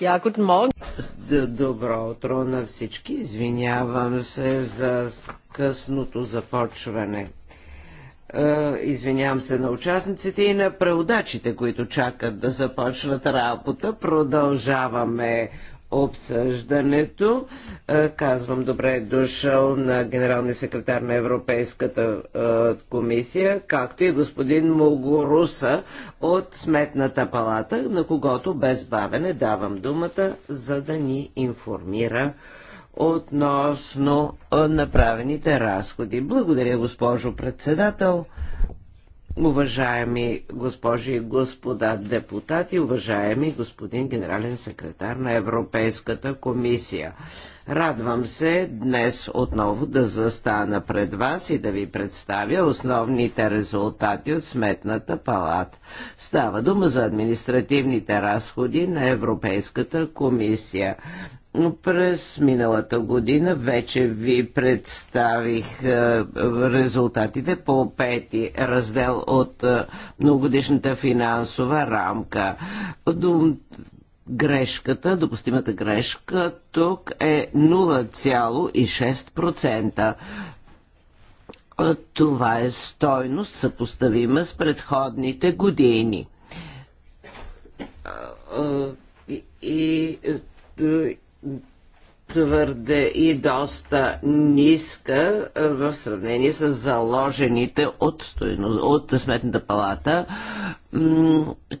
Ja, guten Morgen. Добро утро на всички. Извинявам се за късното започване. Е, извинявам се на участниците и на преводачите, които чакат да започнат работа. Продължаваме обсъждането. Е, казвам добре е дошъл на генералния секретар на Европейската е, комисия, както и господин Могоруса от Сметната палата, на когото без бавене давам думата, за да ни информира относно е, направените разходи. Благодаря, госпожо председател. Уважаеми госпожи и господа депутати, уважаеми господин генерален секретар на Европейската комисия. Радвам се днес отново да застана пред вас и да ви представя основните резултати от Сметната палата. Става дума за административните разходи на Европейската комисия. През миналата година вече ви представих е, резултатите по пети раздел от е, многогодишната финансова рамка. Грешката, допустимата грешка тук е 0,6%. Е, това е стойност съпоставима с предходните години. И, и твърде и доста ниска в сравнение с заложените от, стойно, от Сметната палата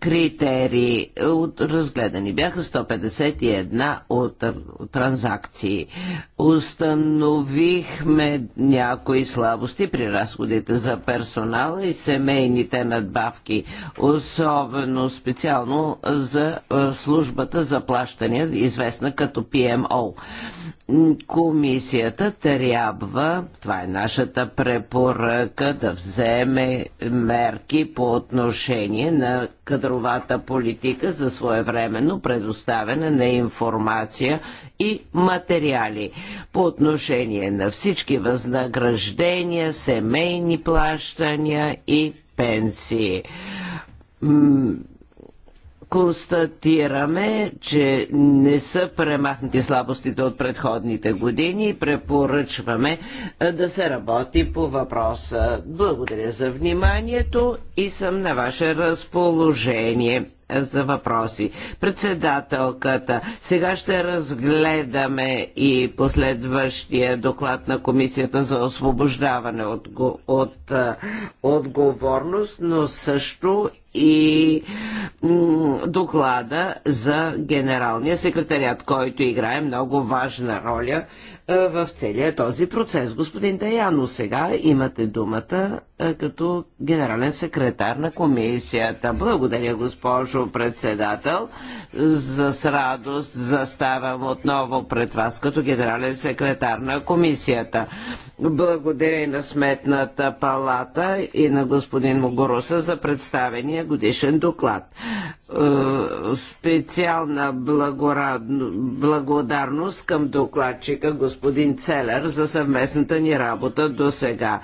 критерии. От, разгледани бяха 151 от, транзакции. Установихме някои слабости при разходите за персонала и семейните надбавки, особено специално за службата за плащания, известна като PMO. Комисията трябва, това е нашата препоръка, да вземе мерки по отношение на кадровата политика за своевременно предоставяне на информация и материали по отношение на всички възнаграждения, семейни плащания и пенсии констатираме, че не са премахнати слабостите от предходните години и препоръчваме да се работи по въпроса. Благодаря за вниманието и съм на ваше разположение за въпроси. Председателката, сега ще разгледаме и последващия доклад на Комисията за освобождаване от, от, от отговорност, но също и доклада за генералния секретарят, който играе много важна роля е, в целия този процес. Господин Даяно, сега имате думата е, като генерален секретар на комисията. Благодаря, госпожо председател. За с радост заставам отново пред вас като генерален секретар на комисията. Благодаря и на Сметната палата и на господин Могороса за представения годишен доклад. Е, специална благодарност към докладчика господин Целер за съвместната ни работа до сега.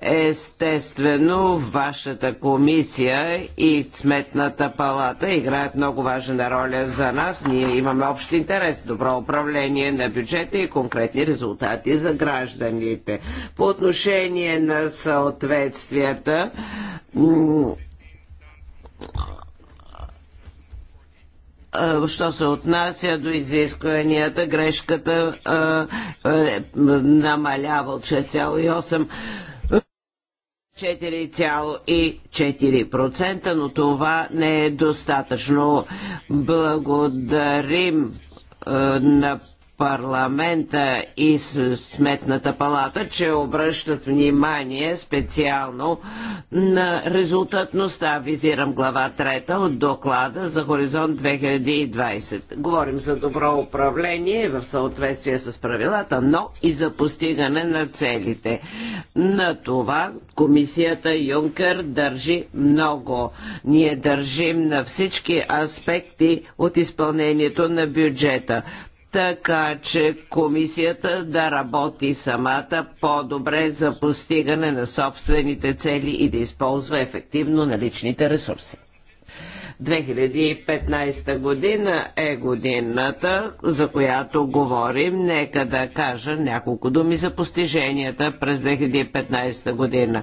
Естествено, Естествено, вашата комисия и Сметната палата играят много важна роля за нас. Ние имаме общ интерес, добро управление на бюджета и конкретни резултати за гражданите. По отношение на съответствията, що се отнася до изискванията, грешката а, а, е, намалява от 6,8 4,4%, но това не е достатъчно. Благодарим е, на парламента и сметната палата, че обръщат внимание специално на резултатността. Визирам глава 3 от доклада за Хоризонт 2020. Говорим за добро управление в съответствие с правилата, но и за постигане на целите. На това комисията Юнкер държи много. Ние държим на всички аспекти от изпълнението на бюджета така че комисията да работи самата по-добре за постигане на собствените цели и да използва ефективно наличните ресурси. 2015 година е годината, за която говорим. Нека да кажа няколко думи за постиженията през 2015 година.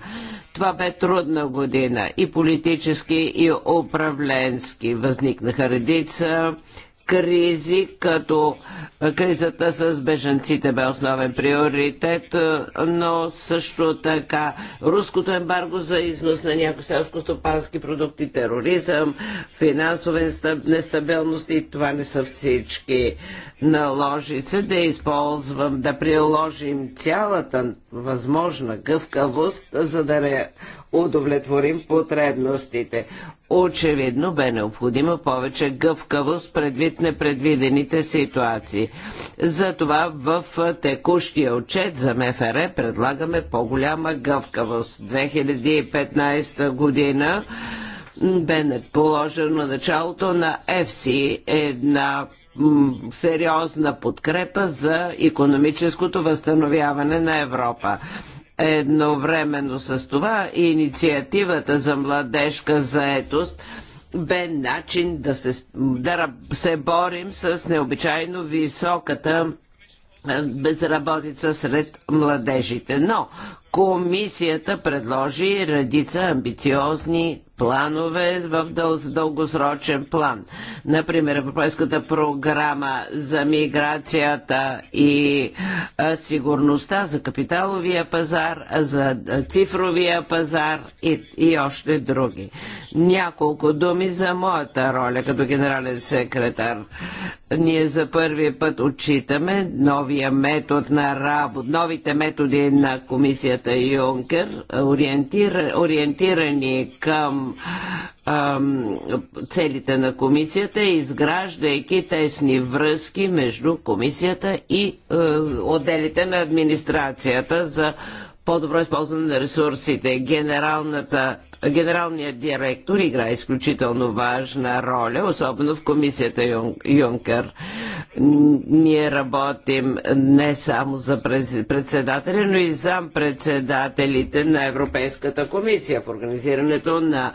Това бе трудна година и политически, и управленски. Възникнаха редица кризи, като кризата с бежанците бе основен приоритет, е, но също така руското ембарго за износ на някои селско-стопански продукти, тероризъм, финансова нестабилност и това не са всички наложи се да използвам, да приложим цялата възможна гъвкавост, за да не удовлетворим потребностите. Очевидно бе необходима повече гъвкавост предвид непредвидените ситуации. Затова в текущия отчет за МФР предлагаме по-голяма гъвкавост. 2015 година бе положено началото на ЕФСИ, една сериозна подкрепа за економическото възстановяване на Европа. Едновременно с това инициативата за младежка заетост бе начин да се, да се борим с необичайно високата безработица сред младежите. Но Комисията предложи редица амбициозни планове в дългосрочен план. Например, Европейската програма за миграцията и сигурността за капиталовия пазар, за цифровия пазар и, и още други. Няколко думи за моята роля като генерален секретар. Ние за първи път отчитаме новия метод на работа, новите методи на комисията комисията Йонкер, ориентир, ориентирани към ам, целите на комисията, изграждайки тесни връзки между комисията и а, е, отделите на администрацията за по-добро използване на ресурсите. Генералната Генералният директор играе изключително важна роля, особено в комисията Юн, Юнкер. Ние работим не само за председателя, но и за председателите на Европейската комисия в организирането на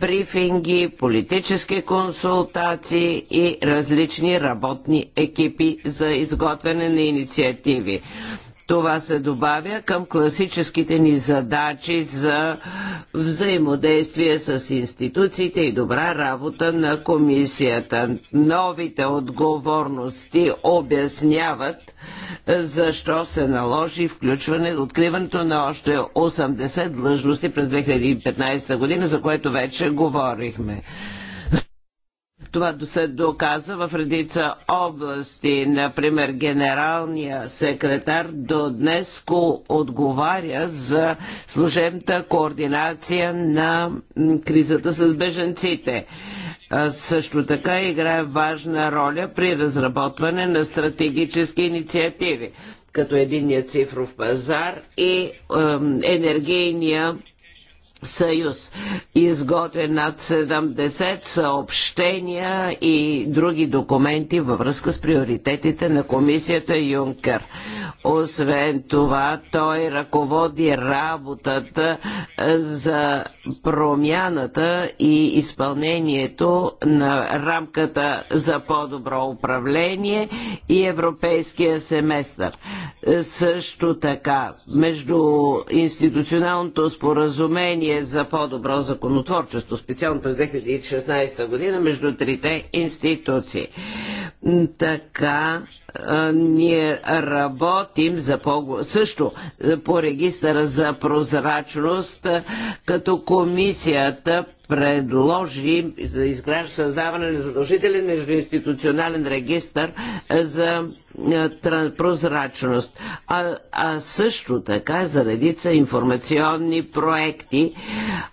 брифинги, политически консултации и различни работни екипи за изготвяне на инициативи. Това се добавя към класическите ни задачи за взаимодействие с институциите и добра работа на комисията. Новите отговорности обясняват защо се наложи включване, откриването на още 80 длъжности през 2015 година, за което вече говорихме. Това се доказа в редица области. Например, генералния секретар до днес отговаря за служебната координация на кризата с беженците. Също така играе важна роля при разработване на стратегически инициативи, като единния цифров пазар и енергийния съюз. Изготвен над 70 съобщения и други документи във връзка с приоритетите на комисията Юнкер. Освен това, той ръководи работата за промяната и изпълнението на рамката за по-добро управление и европейския семестър. Също така, между институционалното споразумение споразумение за по-добро законотворчество, специално през 2016 година между трите институции. Така ние работим за по също по регистъра за прозрачност, като комисията предложи за изграждане създаване на задължителен междуинституционален регистр за прозрачност, а, а също така за редица информационни проекти,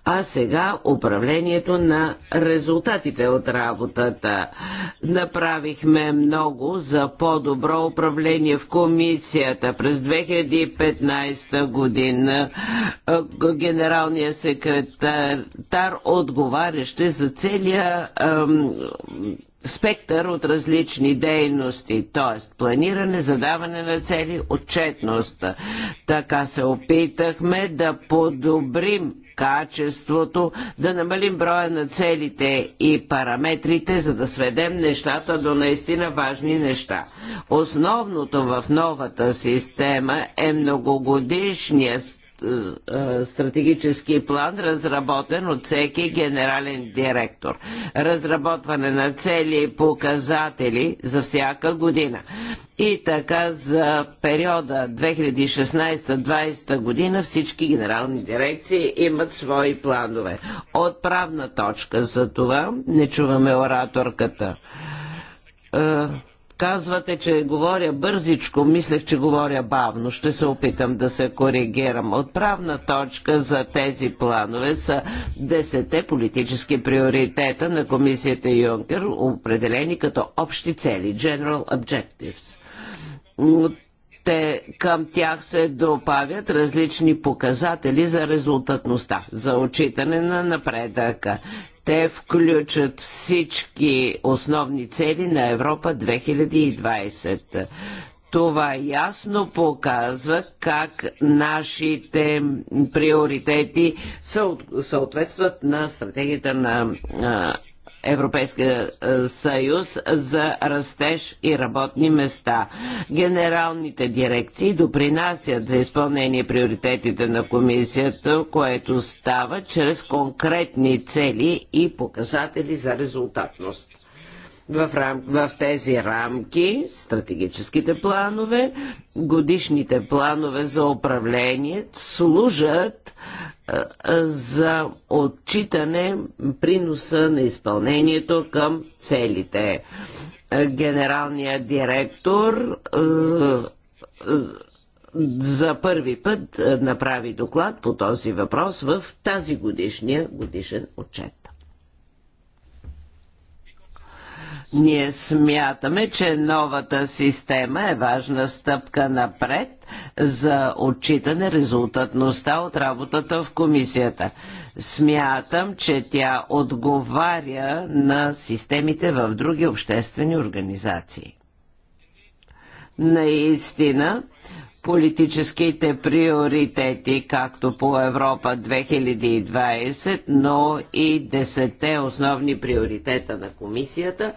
а сега управлението на резултатите от работата. Направихме много за по-добро управление в комисията. През 2015 година генералният секретар от отговарящи за целия спектър от различни дейности, т.е. планиране, задаване на цели, отчетност. Така се опитахме да подобрим качеството, да намалим броя на целите и параметрите, за да сведем нещата до наистина важни неща. Основното в новата система е многогодишният е, стратегически план, разработен от всеки генерален директор. Разработване на цели и показатели за всяка година. И така за периода 2016-2020 година всички генерални дирекции имат свои планове. От правна точка за това не чуваме ораторката. Uh Казвате, че говоря бързичко, мислех, че говоря бавно. Ще се опитам да се коригирам. Отправна точка за тези планове са 10 политически приоритета на комисията Юнкер, определени като общи цели, General Objectives. Те, към тях се допавят различни показатели за резултатността, за отчитане на напредъка те включат всички основни цели на Европа 2020. Това ясно показва как нашите приоритети съответстват на стратегията на Европейския е, съюз за растеж и работни места. Генералните дирекции допринасят за изпълнение приоритетите на комисията, което става чрез конкретни цели и показатели за резултатност в, рам... в тези рамки, стратегическите планове, годишните планове за управление служат е, за отчитане приноса на изпълнението към целите. Е, генералният директор е, за първи път направи доклад по този въпрос в тази годишния годишен отчет. Ние смятаме, че новата система е важна стъпка напред за отчитане резултатността от работата в комисията. Смятам, че тя отговаря на системите в други обществени организации. Наистина, политическите приоритети, както по Европа 2020, но и 10 основни приоритета на комисията,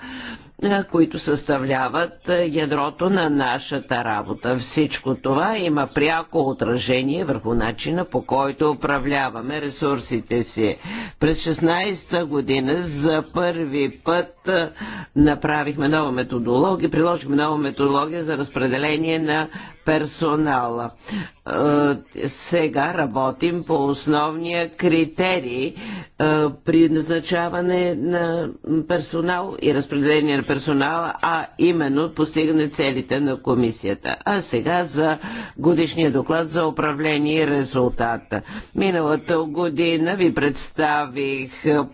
е, които съставляват е, ядрото на нашата работа. Всичко това има пряко отражение върху начина по който управляваме ресурсите си. През 16-та година за първи път е, направихме нова методология, приложихме нова методология за разпределение на персонала. Е, сега работим по основния критерий е, при назначаване на персонал и разпределение на персонала, а именно постигане целите на комисията. А сега за годишния доклад за управление и резултата. Миналата година ви представих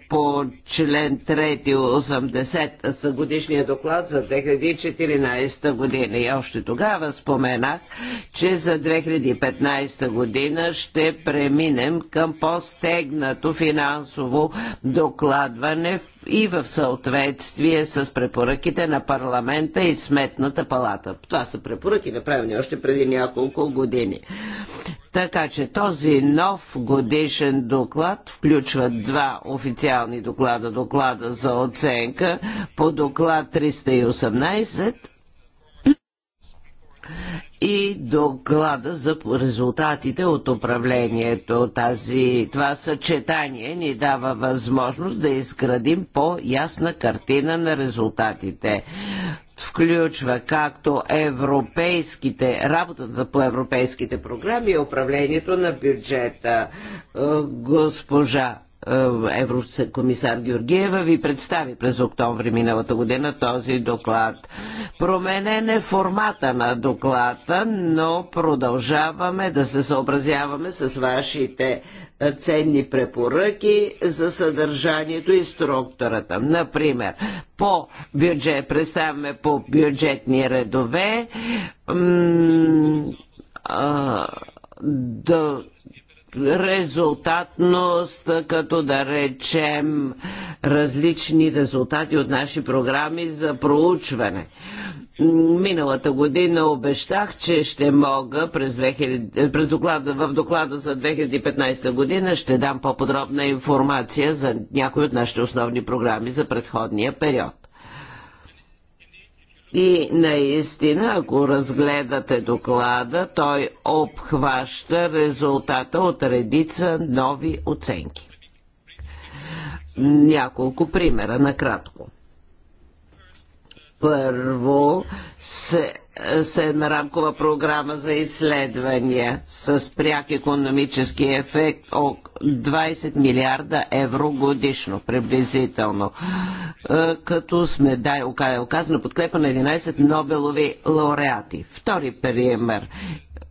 по член 380 за годишния доклад за 2014 година и още тогава споменах, че за 2015 2015 година ще преминем към по-стегнато финансово докладване и в съответствие с препоръките на парламента и Сметната палата. Това са препоръки, направени още преди няколко години. Така че този нов годишен доклад включва два официални доклада. Доклада за оценка по доклад 318 и доклада за резултатите от управлението. Тази, това съчетание ни дава възможност да изградим по-ясна картина на резултатите включва както европейските, работата по европейските програми и управлението на бюджета. Е, госпожа е, еврокомисар Георгиева ви представи през октомври миналата година този доклад. Променен е формата на доклада, но продължаваме да се съобразяваме с вашите е, ценни препоръки за съдържанието и структурата. Например, по бюджет, представяме по бюджетни редове, да резултатност, като да речем различни резултати от наши програми за проучване. Миналата година обещах, че ще мога през, 2000, през доклада, в доклада за 2015 година ще дам по-подробна информация за някои от нашите основни програми за предходния период. И наистина, ако разгледате доклада, той обхваща резултата от редица нови оценки. Няколко примера накратко. Първо, се е една рамкова програма за изследвания с пряк економически ефект от 20 милиарда евро годишно, приблизително. Е, като сме, да, оказана подкрепа на 11 Нобелови лауреати. Втори пример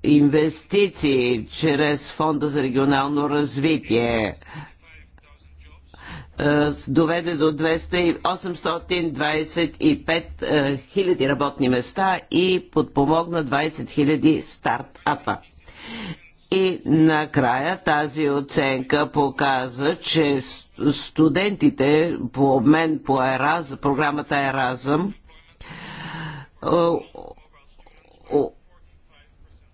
инвестиции чрез Фонда за регионално развитие е, доведе до 825 е, хиляди работни места и подпомогна 20 хиляди стартапа. И накрая тази оценка показа, че студентите по обмен по Ераз, програмата Еразъм е,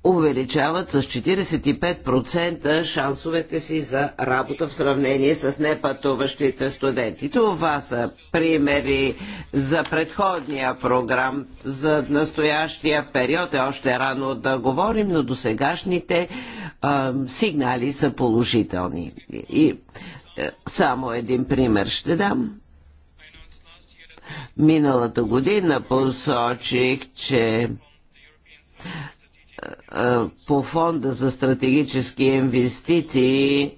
увеличават с 45% шансовете си за работа в сравнение с непътуващите студенти. Това са примери за предходния програм, за настоящия период е още рано да говорим, но до сегашните а, сигнали са положителни. И е, само един пример ще дам. Миналата година посочих, че по фонда за стратегически инвестиции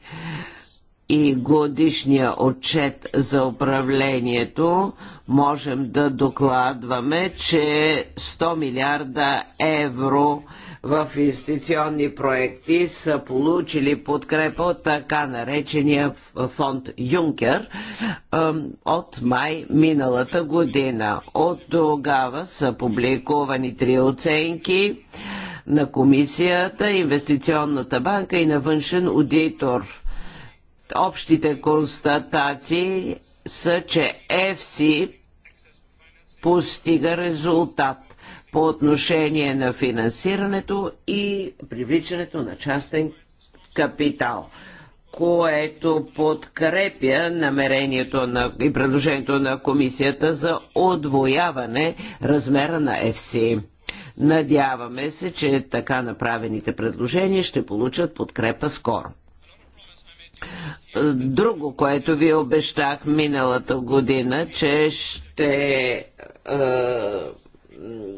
и годишния отчет за управлението можем да докладваме, че 100 милиарда евро в инвестиционни проекти са получили подкрепа от така наречения фонд Юнкер от май миналата година. От тогава са публикувани три оценки на комисията, инвестиционната банка и на външен аудитор. Общите констатации са, че ЕФСИ постига резултат по отношение на финансирането и привличането на частен капитал което подкрепя намерението на, и предложението на комисията за отвояване размера на ФСИ. Надяваме се, че така направените предложения ще получат подкрепа скоро. Друго, което ви обещах миналата година, че ще е,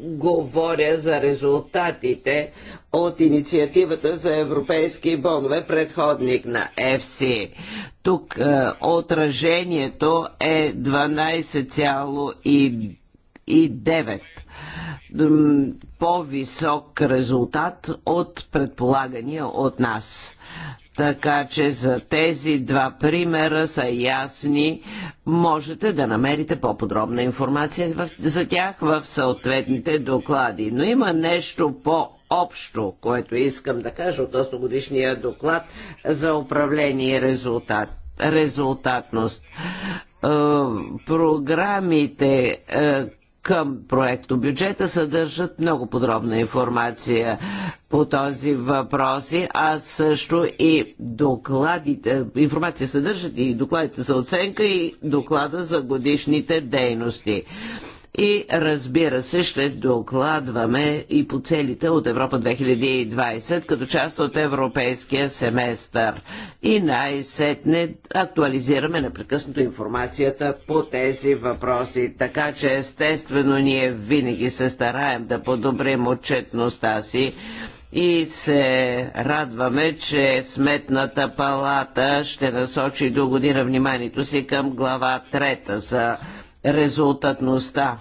говоря за резултатите от инициативата за европейски бонове, предходник на ЕФСИ. Тук е, отражението е 12,9 по-висок резултат от предполагания от нас. Така че за тези два примера са ясни. Можете да намерите по-подробна информация за тях в съответните доклади. Но има нещо по общо, което искам да кажа относно годишния доклад за управление и резултат, резултатност. Е, програмите, е, към проекто бюджета съдържат много подробна информация по този въпрос, а също и докладите, информация съдържат и докладите за оценка и доклада за годишните дейности и разбира се ще докладваме и по целите от Европа 2020 като част от европейския семестър. И най-сетне актуализираме непрекъснато информацията по тези въпроси. Така че естествено ние винаги се стараем да подобрим отчетността си и се радваме, че Сметната палата ще насочи до година вниманието си към глава трета за резултатността.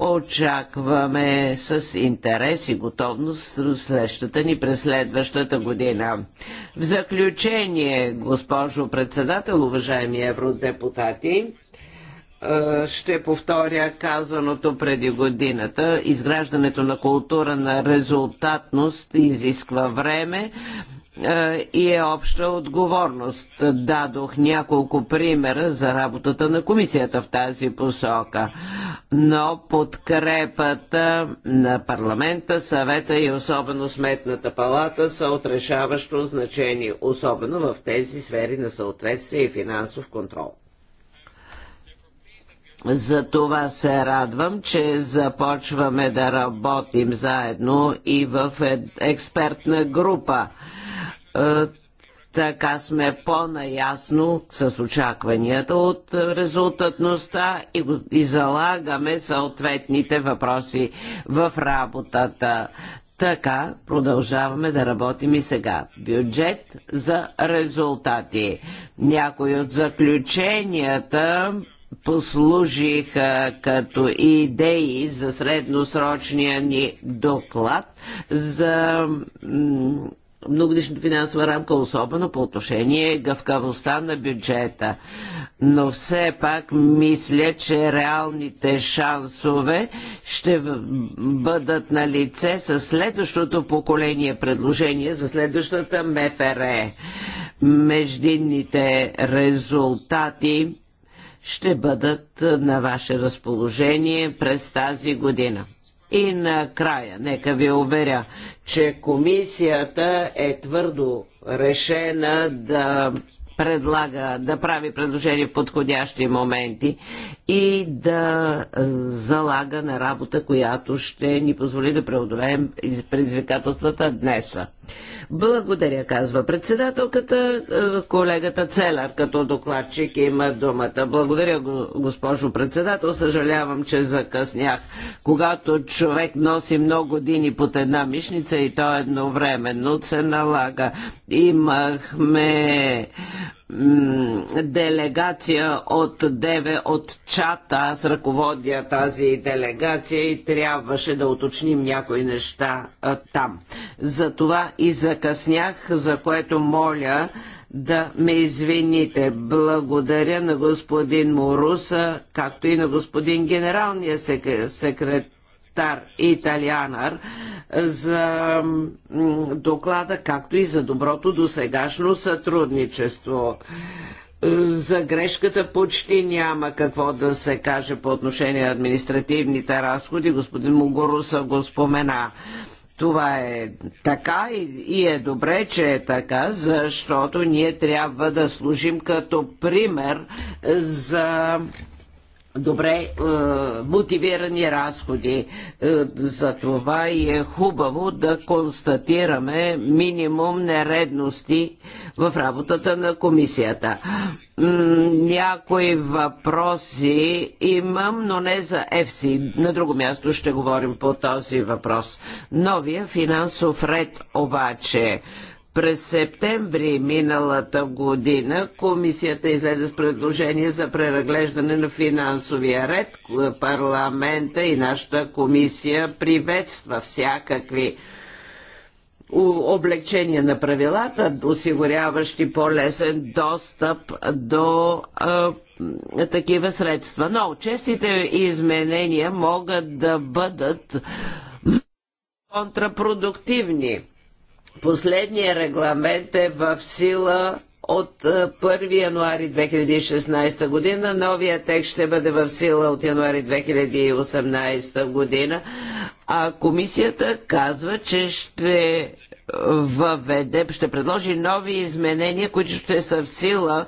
Очакваме с интерес и готовност срещата ни през следващата година. В заключение, госпожо председател, уважаеми евродепутати, е, ще повторя казаното преди годината. Изграждането на култура на резултатност изисква време е, и е обща отговорност. Дадох няколко примера за работата на комисията в тази посока, но подкрепата на парламента, съвета и особено сметната палата са отрешаващо значение, особено в тези сфери на съответствие и финансов контрол. За това се радвам, че започваме да работим заедно и в експертна група. Е, така сме по-наясно с очакванията от резултатността и, го, и залагаме съответните въпроси в работата. Така продължаваме да работим и сега. Бюджет за резултати. Някои от заключенията послужиха като идеи за средносрочния ни доклад за многодишната финансова рамка, особено по отношение гъвкавостта на бюджета. Но все пак мисля, че реалните шансове ще бъдат на лице с следващото поколение предложение за следващата МФР. Междинните резултати ще бъдат е, на ваше разположение през тази година. И накрая, нека ви уверя, че комисията е твърдо решена да предлага да прави предложения в подходящи моменти и да е, залага на работа, която ще ни позволи да преодолеем предизвикателствата днеса. Благодаря, казва председателката. Е, колегата Целар като докладчик има думата. Благодаря, госпожо председател. Съжалявам, че закъснях. Когато човек носи много години под една мишница и то едновременно се налага. Имахме делегация от Деве, от чата. Аз ръководя тази делегация и трябваше да уточним някои неща а, там. Затова и закъснях, за което моля да ме извините. Благодаря на господин Моруса, както и на господин генералния секретар Тар Италианар е, за доклада, както и за доброто досегашно сътрудничество. Е, за грешката почти няма какво да се каже по отношение на административните разходи. Господин Могоруса го спомена. Това е така и, е добре, че е така, защото ние трябва да служим като пример за добре е, мотивирани разходи. Е, за това и е хубаво да констатираме минимум нередности в работата на комисията. Някои въпроси имам, но не за ЕФСИ. На друго място ще говорим по този въпрос. Новия финансов ред обаче през септември миналата година комисията излезе с предложение за преразглеждане на финансовия ред. Парламента и нашата комисия приветства всякакви облегчения на правилата, осигуряващи по-лесен достъп до а, такива средства. Но честите изменения могат да бъдат контрапродуктивни Последният регламент е в сила от 1 е, януари 2016 година. Новия текст ще бъде в сила от януари 2018 година. А комисията казва, че ще въведе, ще предложи нови изменения, които ще са в сила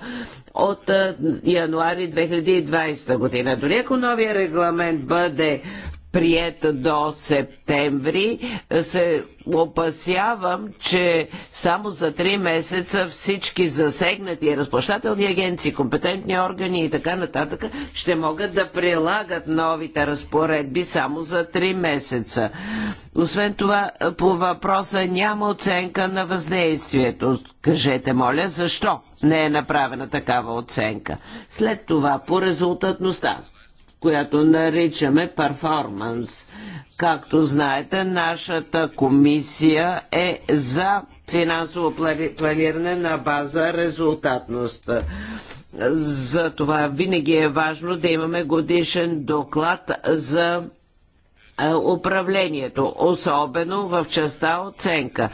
от е, януари 2020 година. Дори ако новия регламент бъде приета до септември, се опасявам, че само за три месеца всички засегнати разплащателни агенции, компетентни органи и така нататък ще могат да прилагат новите разпоредби само за три месеца. Освен това, по въпроса няма оценка на въздействието. Кажете, моля, защо не е направена такава оценка? След това, по резултатността която наричаме перформанс. Както знаете, нашата комисия е за финансово планиране на база резултатност. За това винаги е важно да имаме годишен доклад за е, управлението, особено в частта оценка.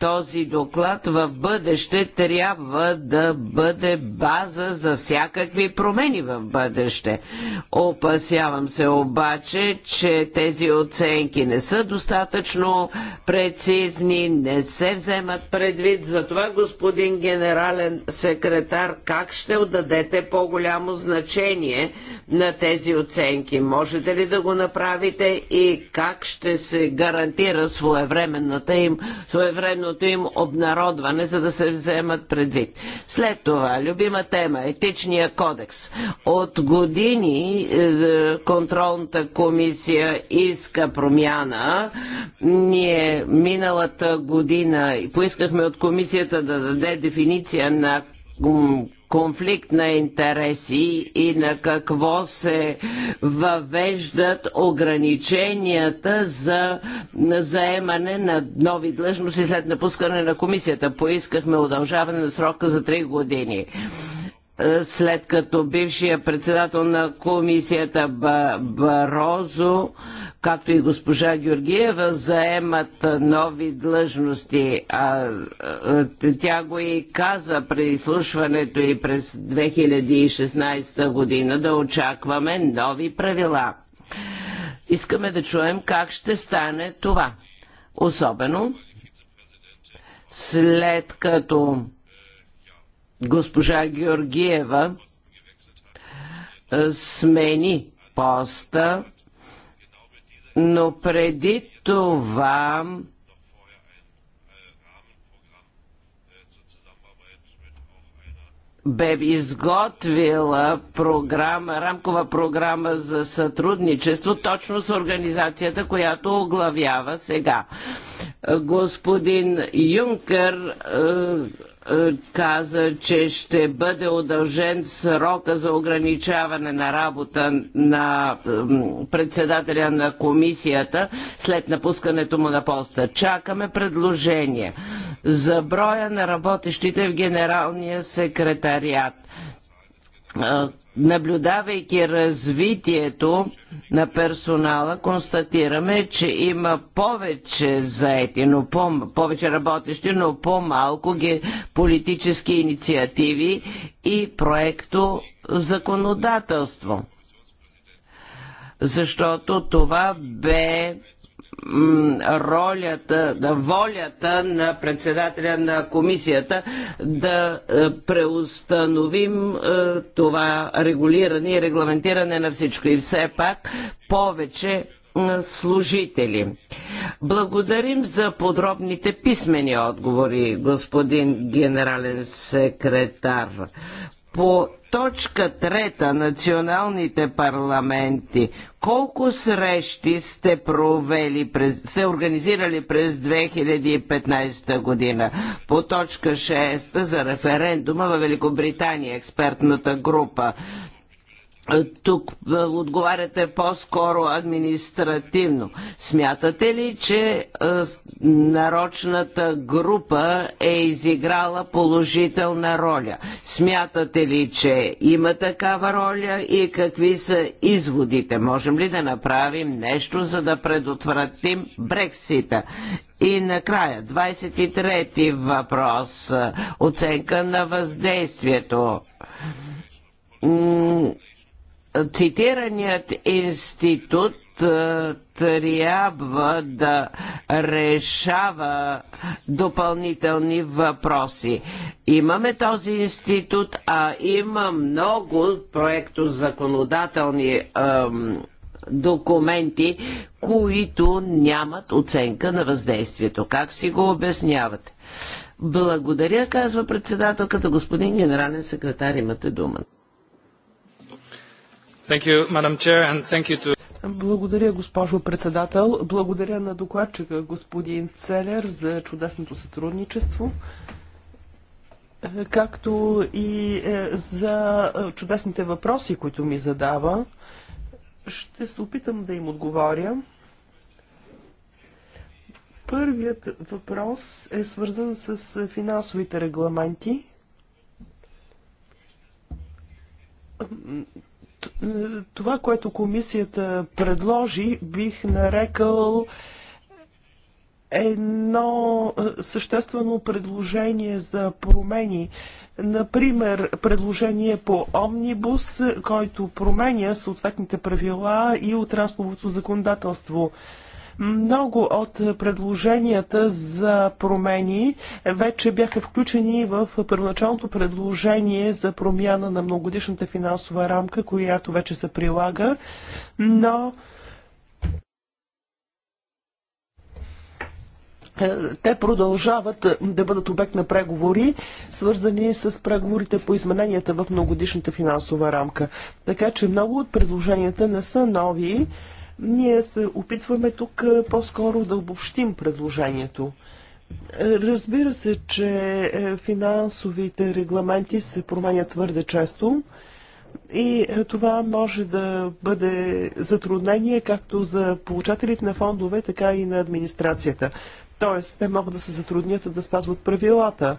Този доклад в бъдеще трябва да бъде база за всякакви промени в бъдеще. Опасявам се обаче, че тези оценки не са достатъчно прецизни, не се вземат предвид. Затова, господин генерален секретар, как ще отдадете по-голямо значение на тези оценки? Можете ли да го направите и как ще се гарантира своевременната им, своевременното им обнародване, за да се вземат предвид. След това, любима тема, етичния кодекс. От години е, контролната комисия иска промяна. Ние миналата година поискахме от комисията да даде дефиниция на конфликт на интереси и на какво се въвеждат ограниченията за заемане на нови длъжности след напускане на комисията. Поискахме удължаване на срока за 3 години. Е, след като бившия председател на комисията Барозо, както и госпожа Георгиева, заемат нови длъжности. А, е, тя го и каза при изслушването и през 2016 година да очакваме нови правила. Искаме да чуем как ще стане това. Особено след като госпожа Георгиева смени поста, но преди това бе изготвила програма, рамкова програма за сътрудничество точно с организацията, която оглавява сега. Господин Юнкер е, е, каза, че ще бъде удължен срока за ограничаване на работа на е, председателя на комисията след напускането му на поста. Чакаме предложение за броя на работещите в генералния секретариат наблюдавайки развитието на персонала, констатираме, че има повече заети, но по, повече работещи, но по-малко политически инициативи и проекто законодателство. Защото това бе ролята, волята на председателя на комисията да е, преустановим е, това регулиране и регламентиране на всичко. И все пак повече служители. Благодарим за подробните писмени отговори, господин генерален секретар. По точка трета националните парламенти. Колко срещи сте провели, през, сте организирали през 2015 година? По точка 6 за референдума във Великобритания експертната група. Е, тук е, отговаряте по-скоро административно. Смятате ли, че е, нарочната група е изиграла положителна роля? Смятате ли, че има такава роля и какви са изводите? Можем ли да направим нещо, за да предотвратим Брексита? И накрая, 23-ти въпрос. Оценка на въздействието цитираният институт трябва да решава допълнителни въпроси. Имаме този институт, а има много проекто законодателни ем, документи, които нямат оценка на въздействието. Как си го обяснявате? Благодаря, казва председателката. Господин генерален секретар, имате думата. Благодаря, госпожо председател. Благодаря на докладчика господин Целер за чудесното сътрудничество, както и е, за е, чудесните въпроси, които ми задава. Ще се опитам да им отговоря. Първият въпрос е свързан с е, финансовите регламенти е, това, което комисията предложи, бих нарекал едно е, съществено предложение за промени. Например, предложение по омнибус, който променя съответните правила и отрасловото законодателство. Много от предложенията за промени вече бяха включени в първоначалното предложение за промяна на многодишната финансова рамка, която вече се прилага, но е, те продължават да бъдат обект на преговори, свързани с преговорите по измененията в многодишната финансова рамка. Така че много от предложенията не са нови. Ние се опитваме тук е, по-скоро да обобщим предложението. Е, разбира се, че е, финансовите регламенти се променят твърде често и това може да бъде затруднение както за получателите на фондове, така и на администрацията. Тоест, те могат да се затруднят да спазват правилата.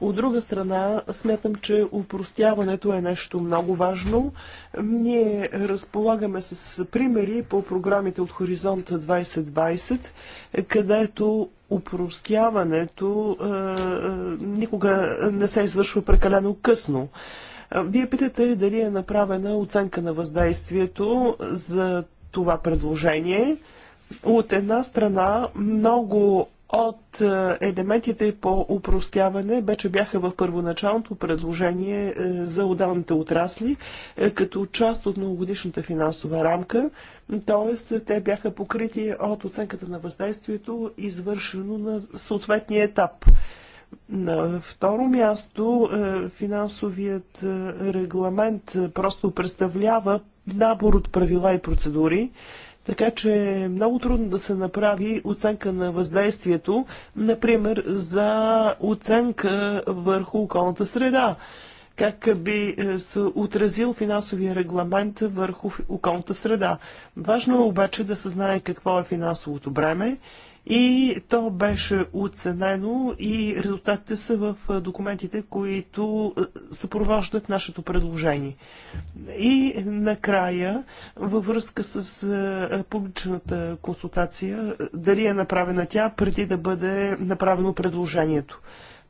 От друга страна, смятам, че упростяването е нещо много важно. Ние разполагаме с примери по програмите от Хоризонта 2020, където упростяването е, е, никога не се извършва прекалено късно. Вие питате дали е направена оценка на въздействието за това предложение. От една страна, много от е, елементите по упростяване вече бяха в първоначалното предложение е, за отделните отрасли е, като част от многогодишната финансова рамка, т.е. те бяха покрити от оценката на въздействието, извършено на съответния етап. На второ място финансовият регламент просто представлява набор от правила и процедури, така че е много трудно да се направи оценка на въздействието, например за оценка върху околната среда. Как би е, се отразил финансовия регламент върху околната среда. Важно е обаче да се знае какво е финансовото бреме и то беше оценено и резултатите са в документите, които съпровождат нашето предложение. И накрая, във връзка с публичната консултация, дали е направена тя преди да бъде направено предложението.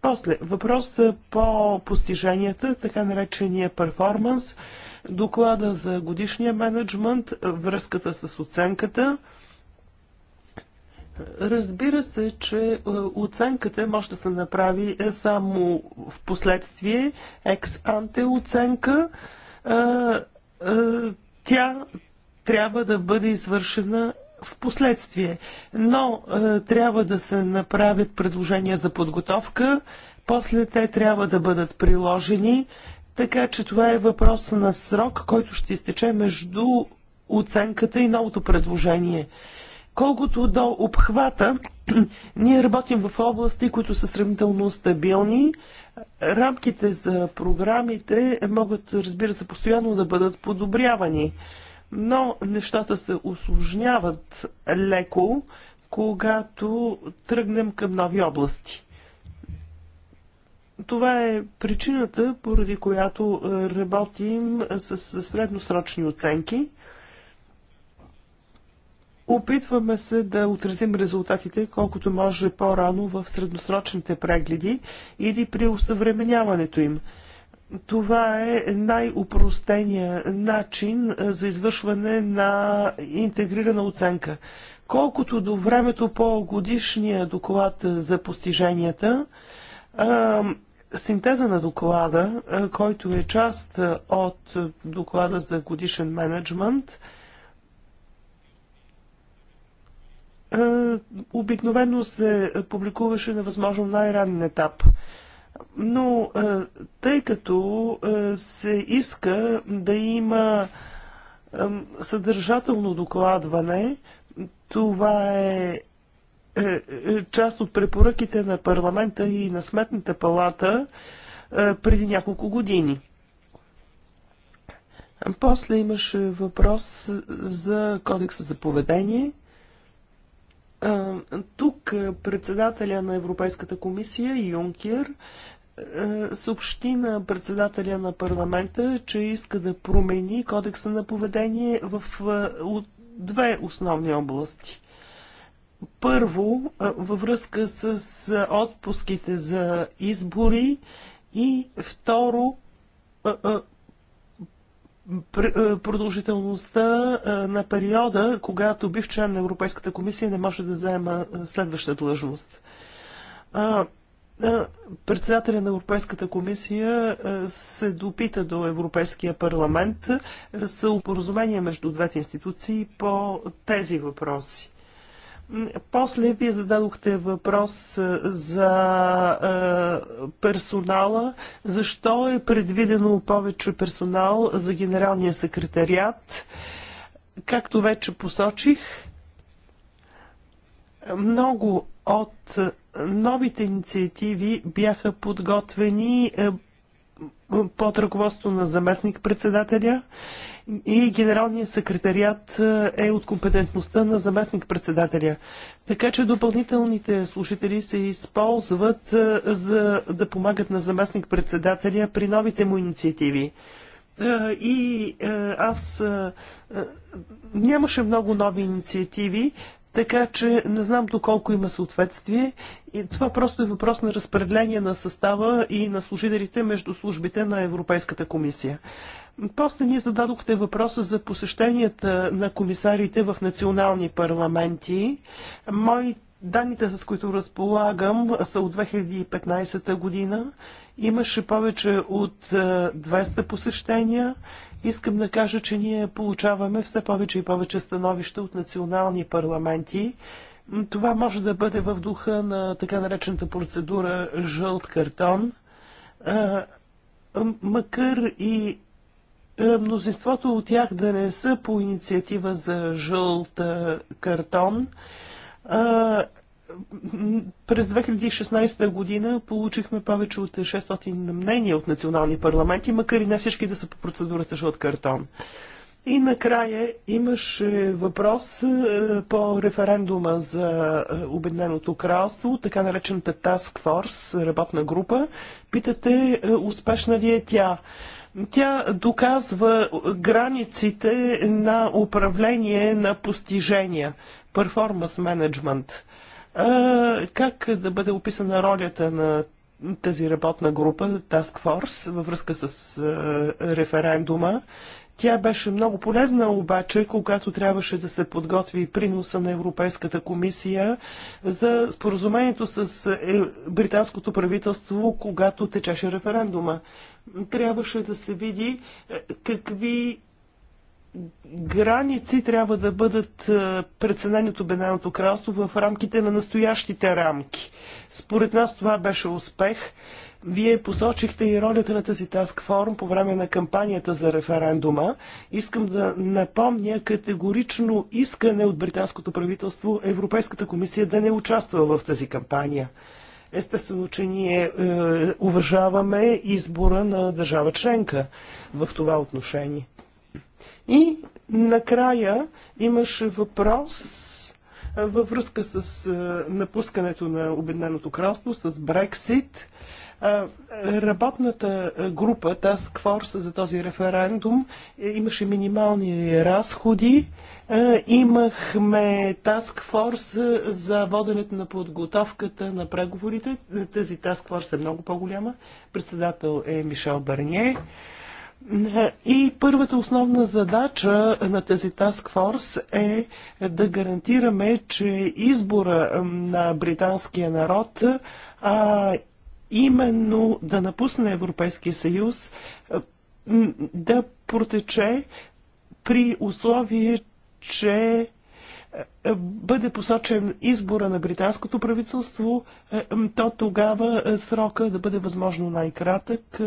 После, въпрос по постиженията, така наречения перформанс, доклада за годишния менеджмент, връзката с оценката – Разбира се, че е, оценката може да се направи е, само в последствие, екс-анте оценка. Е, тя трябва да бъде извършена в последствие, но трябва да се направят предложения за подготовка, после те трябва да бъдат приложени, така че това е въпрос на срок, който ще изтече между оценката и новото предложение. Колкото до обхвата, ние работим в области, които са сравнително стабилни. Рамките за програмите могат, разбира се, постоянно да бъдат подобрявани, но нещата се осложняват леко, когато тръгнем към нови области. Това е причината, поради която е, работим с средносрочни оценки. Опитваме се да отразим резултатите колкото може по-рано в средносрочните прегледи или при усъвременяването им. Това е най-упростения начин за извършване на интегрирана оценка. Колкото до времето по годишния доклад за постиженията, синтеза на доклада, който е част от доклада за годишен менеджмент – Е, обикновено се публикуваше на възможно най-ранен етап. Но е, тъй като е, се иска да има съдържателно докладване, това е част от препоръките на парламента и на Сметната палата преди няколко години. После имаше въпрос за кодекса за поведение – тук председателя на Европейската комисия Юнкер съобщи на председателя на парламента, че иска да промени кодекса на поведение в две основни области. Първо, във връзка с отпуските за избори и второ, е, продължителността е, на периода, когато бив член на Европейската комисия не може да заема е, следваща длъжност. Председателя на Европейската комисия се допита до Европейския парламент с упоразумение между двете институции по тези въпроси. После вие зададохте въпрос за персонала. Защо е предвидено повече персонал за генералния секретариат? Както вече посочих, много от новите инициативи бяха подготвени под ръководство на заместник-председателя и генералният секретариат е, е от компетентността на заместник-председателя. Така че допълнителните служители се използват е, за да помагат на заместник-председателя при новите му инициативи. Е, и аз нямаше много нови инициативи, така че не знам доколко има съответствие. И това просто е въпрос на разпределение на състава и на служителите между службите на Европейската комисия. После ние зададохте въпроса за посещенията на комисарите в национални парламенти. Мои Данните, с които разполагам, са от 2015 година. Имаше повече от 200 е, посещения. Искам да кажа, че ние получаваме все повече и повече становища от национални парламенти. Това може да бъде в духа на така наречената процедура жълт картон. Макар и мнозинството от тях да не са по инициатива за жълт картон, през 2016 година получихме повече от 600 мнения от национални парламенти, макар и не всички да са по процедурата жълт картон. И накрая имаше въпрос е, по референдума за е, Обединеното кралство, така наречената Task Force, работна група. Питате, е, успешна ли е тя? Тя доказва границите на управление на постижения, перформанс менеджмент – как да бъде описана ролята на тази работна група, Task Force, във връзка с референдума? Тя беше много полезна обаче, когато трябваше да се подготви приноса на Европейската комисия за споразумението с е, британското правителство, когато течеше референдума. Трябваше да се види е, какви граници трябва да бъдат е, преценени от Обединеното кралство в рамките на настоящите рамки. Според нас това беше успех. Вие посочихте и ролята на тази таск форум по време на кампанията за референдума. Искам да напомня категорично искане от британското правителство Европейската комисия да не участва в тази кампания. Естествено, че ние е, уважаваме избора на държава членка в това отношение. И накрая имаше въпрос във връзка с напускането на Обедненото кралство, с Брексит. Работната група Task Force за този референдум е, имаше минимални разходи. Имахме Task Force за воденето на подготовката на преговорите. Тази Task Force е много по-голяма. Председател е Мишел Барние. И първата основна задача на тази Task Force е да гарантираме, че избора на британския народ, а именно да напусне Европейския съюз, да протече при условие, че е, бъде посочен избора на британското правителство, е, то тогава е, срока да бъде възможно най-кратък.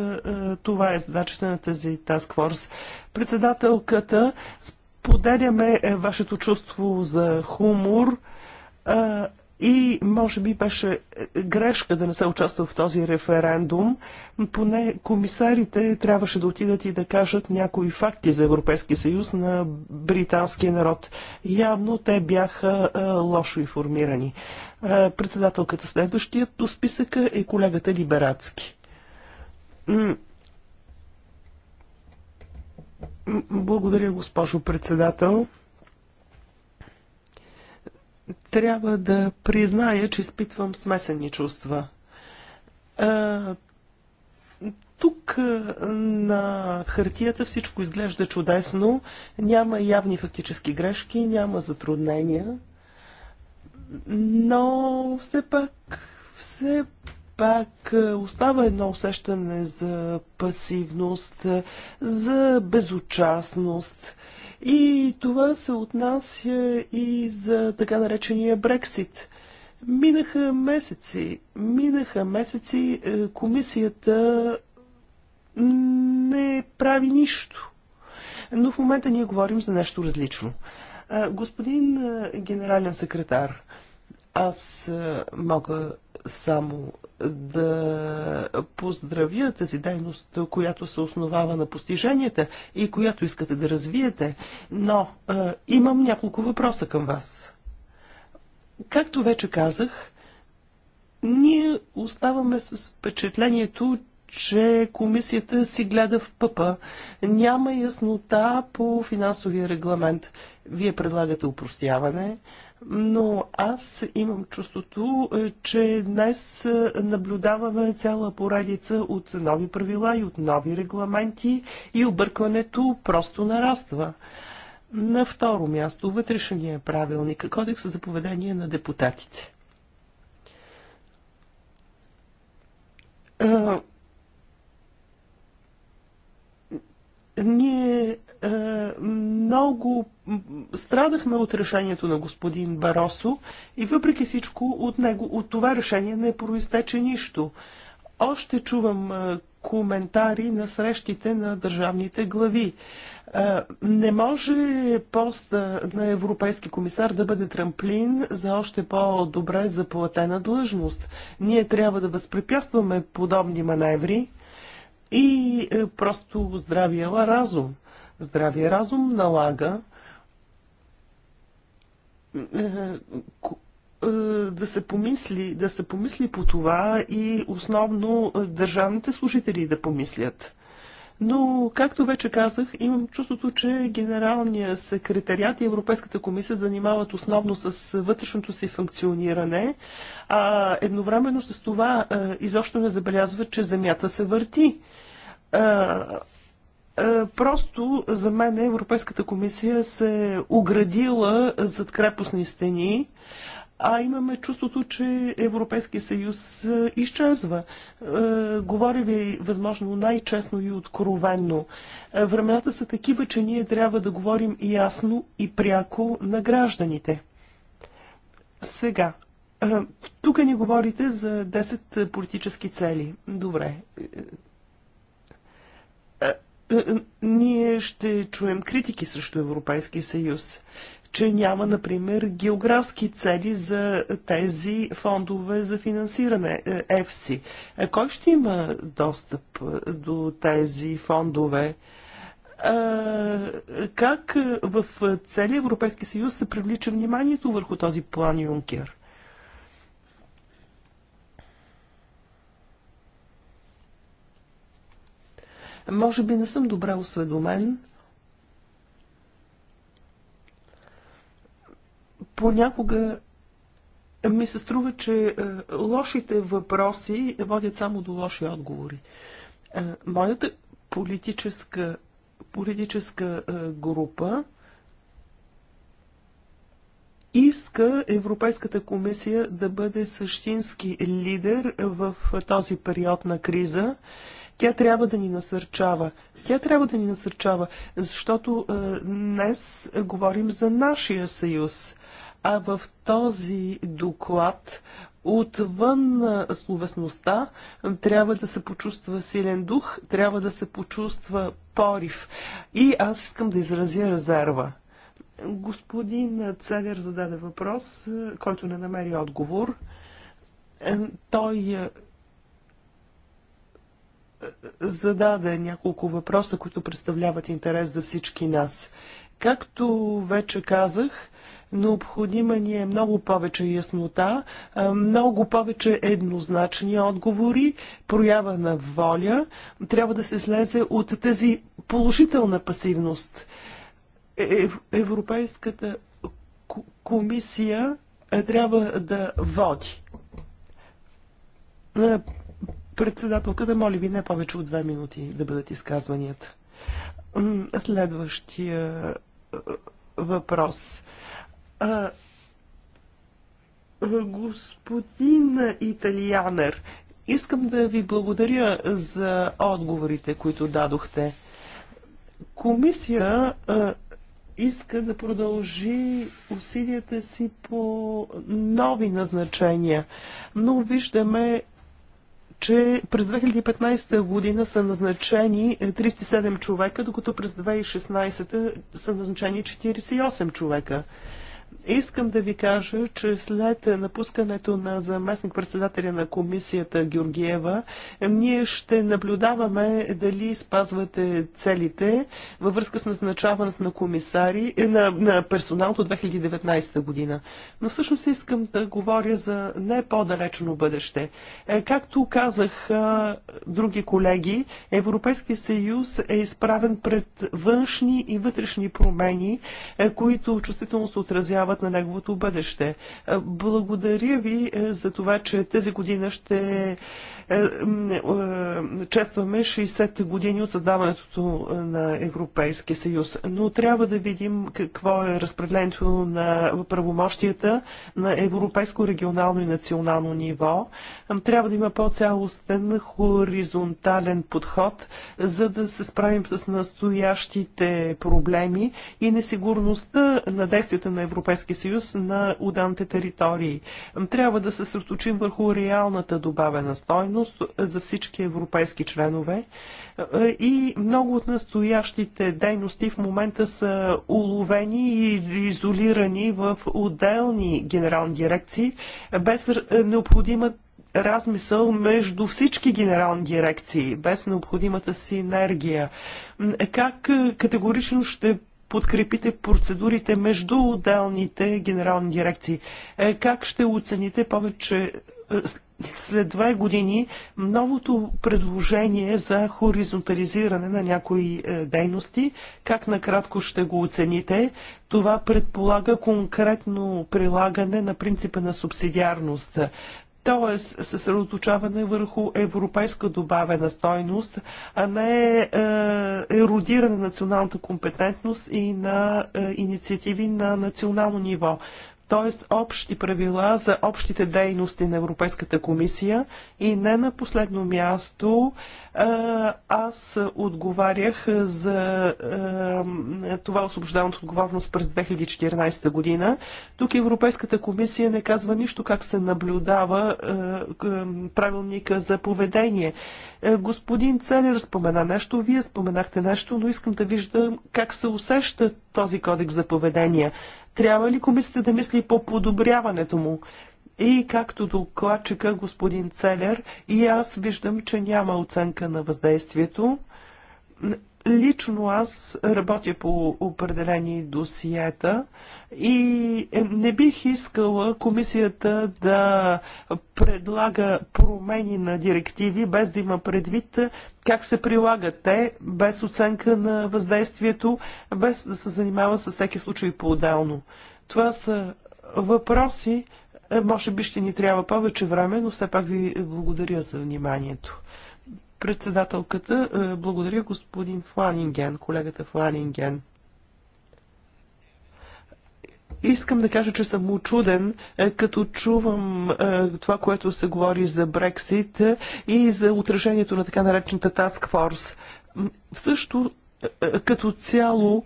Това е задачата на тази таскфорс. Председателката, споделяме вашето чувство за хумор и може би беше е, е, грешка да не се участва в този референдум. Поне комисарите трябваше да отидат и да кажат някои факти за Европейския съюз на британския народ. Явно те бяха а, е, лошо информирани. А, председателката следващия до списъка е колегата Либерацки. Благодаря, госпожо председател трябва да призная, че изпитвам смесени чувства. Тук на хартията всичко изглежда чудесно, няма явни фактически грешки, няма затруднения, но все пак, все пак остава едно усещане за пасивност, за безучастност – и това се отнася и за така наречения Брексит. Минаха месеци. Минаха месеци. Е, комисията не прави нищо. Но в момента ние говорим за нещо различно. Е, господин е, генерален секретар, аз мога само да поздравя тази дейност, която се основава на постиженията и която искате да развиете, но е, имам няколко въпроса към вас. Както вече казах, ние оставаме с впечатлението, че комисията си гледа в пъпа. Няма яснота по финансовия регламент. Вие предлагате упростяване, но аз имам чувството, е, че днес е, наблюдаваме цяла поредица от нови правила и от нови регламенти и объркването просто нараства. На второ място, вътрешния правилник, кодекс за поведение на депутатите. Е, ние е, много страдахме от решението на господин Баросо и въпреки всичко от него, от това решение не произтече нищо. Още чувам е, коментари на срещите на държавните глави. Е, не може пост на европейски комисар да бъде трамплин за още по-добре заплатена длъжност. Ние трябва да възпрепятстваме подобни маневри и просто здравия разум здравия разум налага е, е, да се помисли, да се помисли по това и основно е, държавните служители да помислят. Но, както вече казах, имам чувството, че Генералният секретариат и Европейската комисия занимават основно с вътрешното си функциониране, а едновременно с това изобщо не забелязват, че земята се върти. Е, просто за мен Европейската комисия се е оградила зад крепостни стени, а имаме чувството, че Европейския съюз е, изчезва. Говори ви, възможно, най-честно и откровенно. Времената са такива, че ние трябва да говорим ясно и пряко на гражданите. Сега, тук ни говорите за 10 политически цели. Добре, е, е, ние ще чуем критики срещу Европейския съюз, че няма, например, географски цели за тези фондове за финансиране, е, ЕФСИ. Кой ще има достъп до тези фондове? Как в целия Европейски съюз се привлича вниманието върху този план Юнкер? Може би не съм добре осведомен. Понякога ми се струва, че е, лошите въпроси водят само до лоши отговори. Е, моята политическа, политическа е, група иска Европейската комисия да бъде същински лидер в този период на криза тя трябва да ни насърчава. Тя трябва да ни насърчава, защото е, днес говорим за нашия съюз. А в този доклад отвън е, словесността трябва да се почувства силен дух, трябва да се почувства порив. И аз искам да изразя резерва. Господин Целер зададе въпрос, е, който не намери отговор. Е, той зададе няколко въпроса, които представляват интерес за всички нас. Както вече казах, необходима ни е много повече яснота, много повече еднозначни отговори, проява на воля. Трябва да се слезе от тази положителна пасивност. Е, е, Европейската комисия е, трябва да води Председателката, моля ви, не повече от две минути да бъдат изказванията. Следващия е, въпрос. Господин Италианер, искам да ви благодаря за отговорите, които дадохте. Комисия е, иска да продължи усилията си по нови назначения, но виждаме че през 2015 година са назначени 37 е, човека, докато през 2016 са назначени 48 човека. Искам да ви кажа, че след напускането на заместник председателя на комисията Георгиева, ние ще наблюдаваме дали спазвате целите във връзка с назначаването на комисари, е, на, на персоналното 2019 година. Но всъщност искам да говоря за не по-далечно бъдеще. Е, както казах други колеги, Европейския съюз е изправен пред външни и вътрешни промени, е, които чувствително се отразяват настояват на неговото бъдеще. Е, благодаря ви е, за това, че тази година ще е, честваме 60 години от създаването на Европейския съюз. Но трябва да видим какво е разпределението на правомощията на европейско, регионално и национално ниво. Трябва да има по-цялостен хоризонтален подход, за да се справим с настоящите проблеми и несигурността на действията на Европейския Европейски съюз на отделните територии. Трябва да се съсредоточим върху реалната добавена стойност за всички европейски членове и много от настоящите дейности в момента са уловени и изолирани в отделни генерални дирекции без необходима размисъл между всички генерални дирекции, без необходимата синергия. Как категорично ще подкрепите процедурите между отделните генерални дирекции? Е, как ще оцените повече е, след две години новото предложение за хоризонтализиране на някои е, дейности. Как накратко ще го оцените? Това предполага конкретно прилагане на принципа на субсидиарност т.е. съсредоточаване върху европейска добавена стойност, а не е, е, еродиране на националната компетентност и на е, инициативи на национално ниво т.е. общи правила за общите дейности на Европейската комисия. И не на последно място, аз отговарях за това освобождаване от отговорност през 2014 година. Тук Европейската комисия не казва нищо как се наблюдава правилника за поведение. Е, господин Целер спомена нещо, вие споменахте нещо, но искам да виждам как се усеща този кодекс за поведение. Трябва ли комисията да мисли по подобряването му? И както докладчика господин Целер, и аз виждам, че няма оценка на въздействието. Лично аз работя по определени досиета. И не бих искала комисията да предлага промени на директиви, без да има предвид как се прилагат те, без оценка на въздействието, без да се занимава с всеки случай по-отделно. Това са въпроси. Може би ще ни трябва повече време, но все пак ви благодаря за вниманието. Председателката, е, благодаря господин Фланинген, колегата Фланинген. Искам да кажа, че съм очуден, е, като чувам е, това, което се говори за Брексит е, и за отражението на така наречената Task Force. Също като цяло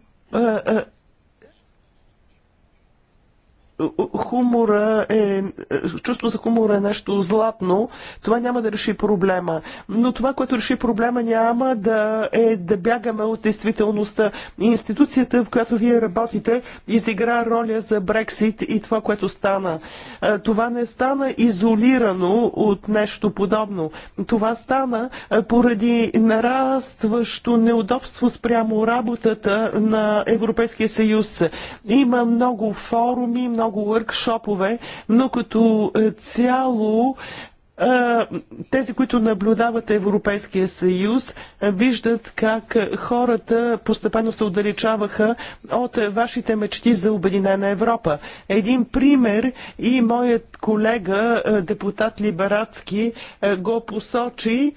хумора е, чувство за хумора е нещо златно, това няма да реши проблема. Но това, което реши проблема, няма да е да бягаме от действителността. Институцията, в която вие работите, изигра роля за Брексит и това, което стана. Това не стана изолирано от нещо подобно. Това стана поради нарастващо неудобство спрямо работата на Европейския съюз. Има много форуми, много много въркшопове, но като е, цяло е, тези, които наблюдават Европейския съюз, е, виждат как хората постепенно се отдалечаваха от вашите мечти за Обединена Европа. Един пример и моят колега, депутат Либерацки, го посочи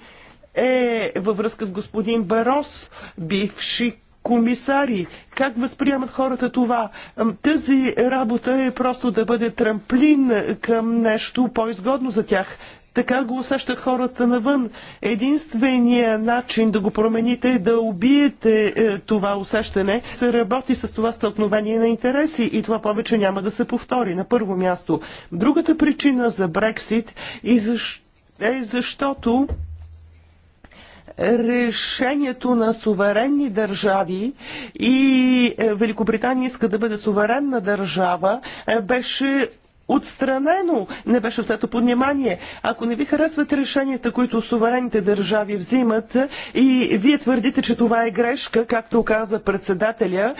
е във връзка с господин Барос, бивши комисари, как възприемат хората това. Тази работа е просто да бъде трамплин към нещо по-изгодно за тях. Така го усещат хората навън. Единственият начин да го промените е да убиете е, това усещане. Се работи с това стълкновение на интереси и това повече няма да се повтори на първо място. Другата причина за Брексит и е защото решението на суверенни държави и е, Великобритания иска да бъде суверенна държава, е, беше отстранено, не беше взето под внимание. Ако не ви харесват решенията, които суверените държави взимат и вие твърдите, че това е грешка, както каза председателя,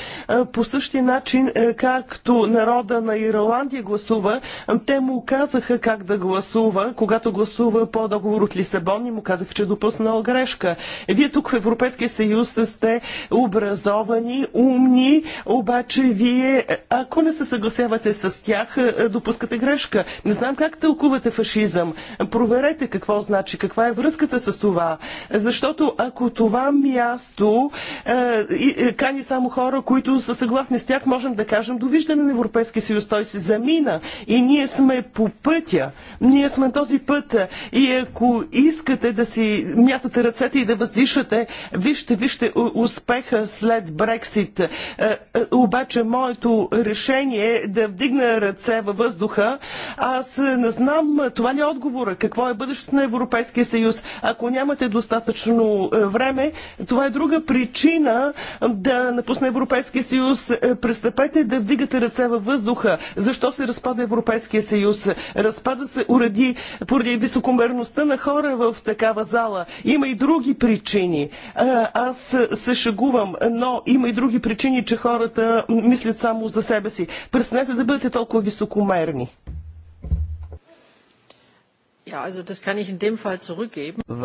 по същия начин, както народа на Ирландия гласува, те му казаха как да гласува, когато гласува по договор от Лисабон и му казаха, че е допуснал грешка. Вие тук в Европейския съюз сте образовани, умни, обаче вие, ако не се съгласявате с тях, допуснете българската грешка. Не знам как тълкувате фашизъм. Проверете какво значи, каква е връзката с това. Защото ако това място е, е, кани само хора, които са съгласни с тях, можем да кажем довиждане на Европейския съюз. Той се замина и ние сме по пътя. Ние сме този път. И ако искате да си мятате ръцете и да въздишате, вижте, вижте успеха след Брексит. Е, е, обаче моето решение е да вдигна ръце във въздух въздуха. Аз е, не знам, е, това ли е отговора? Какво е бъдещето на Европейския съюз? Ако нямате достатъчно е, време, това е друга причина да напусне Европейския съюз. Престъпете да вдигате ръце във въздуха. Защо се разпада Европейския съюз? Разпада се уради поради високомерността на хора в такава зала. Има и други причини. Аз се шагувам, но има и други причини, че хората мислят само за себе си. Престанете да бъдете толкова високомерни отговорни.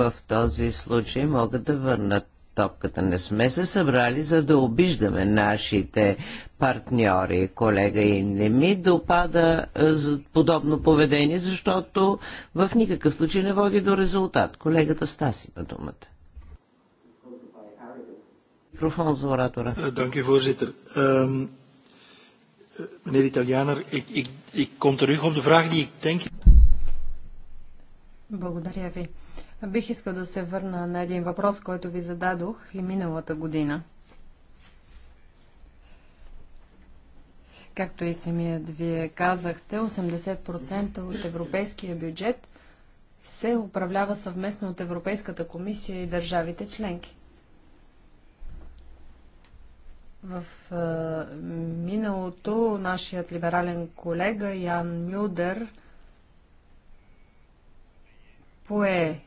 В този случай мога да върнат топката. Не сме се събрали, за да обиждаме нашите партньори, колега. И не ми допада е, за подобно поведение, защото в никакъв случай не води до резултат. Колегата Стаси на думата. Микрофон за оратора. Е, Данки, Eh, meneer Italianer, ik, ik, ik kom terug op de vraag die ik denk... Благодаря ви. Бих искал да се върна на един въпрос, който ви зададох и миналата година. Както и самият вие казахте, 80% от европейския бюджет се управлява съвместно от Европейската комисия и държавите членки. В миналото нашият либерален колега Ян Мюдер пое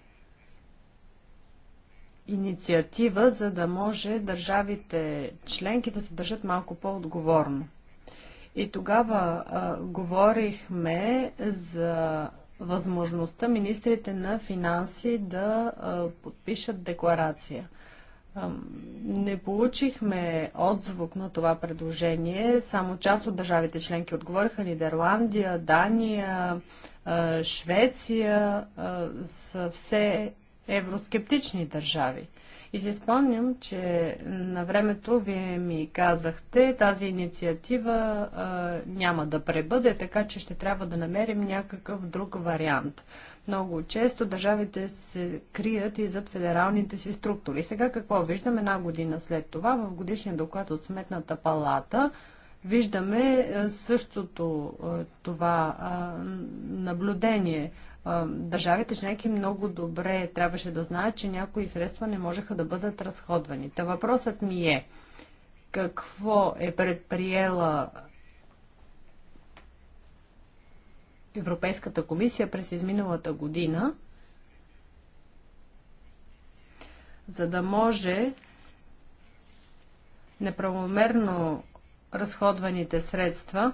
инициатива, за да може държавите членки да се държат малко по-отговорно. И тогава а, говорихме за възможността министрите на финанси да а, подпишат декларация. Не получихме отзвук на това предложение. Само част от държавите членки отговориха. Нидерландия, Дания, Швеция са все евроскептични държави. И си спомням, че на времето вие ми казахте, тази инициатива няма да пребъде, така че ще трябва да намерим някакъв друг вариант. Много често държавите се крият и зад федералните си структури. Сега какво виждаме една година след това в годишния доклад от Сметната палата? Виждаме е, същото е, това е, наблюдение. Държавите членки много добре трябваше да знаят, че някои средства не можеха да бъдат разходвани. Та въпросът ми е, какво е предприела Европейската комисия през изминалата година, за да може неправомерно разходваните средства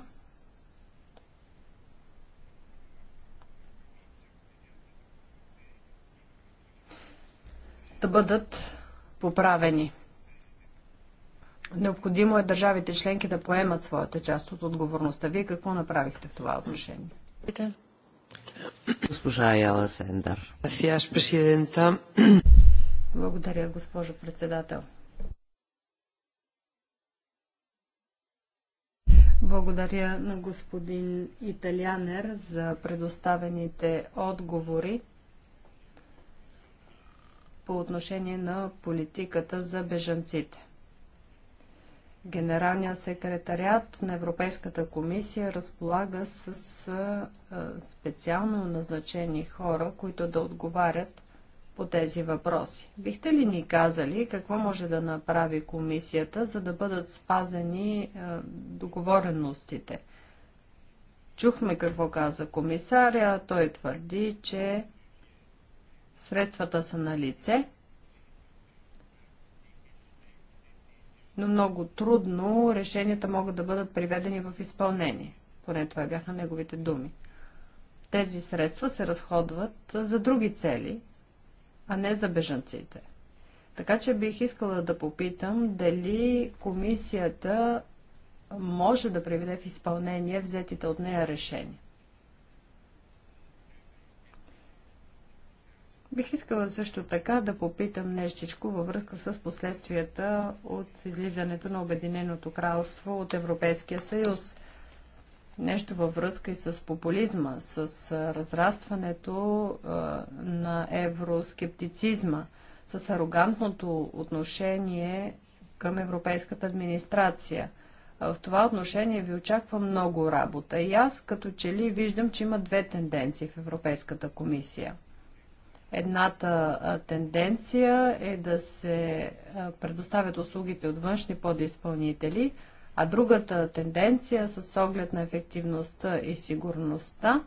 да бъдат поправени. Необходимо е държавите членки да поемат своята част от отговорността. Вие какво направихте в това отношение? Госпожа Сендър. Благодаря, госпожо председател. Благодаря на господин Италянер за предоставените отговори по отношение на политиката за бежанците. Генералният секретарят на Европейската комисия разполага с специално назначени хора, които да отговарят по тези въпроси. Бихте ли ни казали какво може да направи комисията, за да бъдат спазени договореностите? Чухме какво каза комисаря. Той твърди, че средствата са на лице, но много трудно решенията могат да бъдат приведени в изпълнение. Поне това бяха неговите думи. Тези средства се разходват за други цели, а не за бежанците. Така че бих искала да попитам дали комисията може да приведе в изпълнение взетите от нея решения. Бих искала също така да попитам нещичко във връзка с последствията от излизането на Обединеното кралство от Европейския съюз. Нещо във връзка и с популизма, с разрастването на евроскептицизма, с арогантното отношение към европейската администрация. В това отношение ви очаква много работа и аз като че ли виждам, че има две тенденции в Европейската комисия – Едната тенденция е да се предоставят услугите от външни подизпълнители, а другата тенденция с оглед на ефективността и сигурността,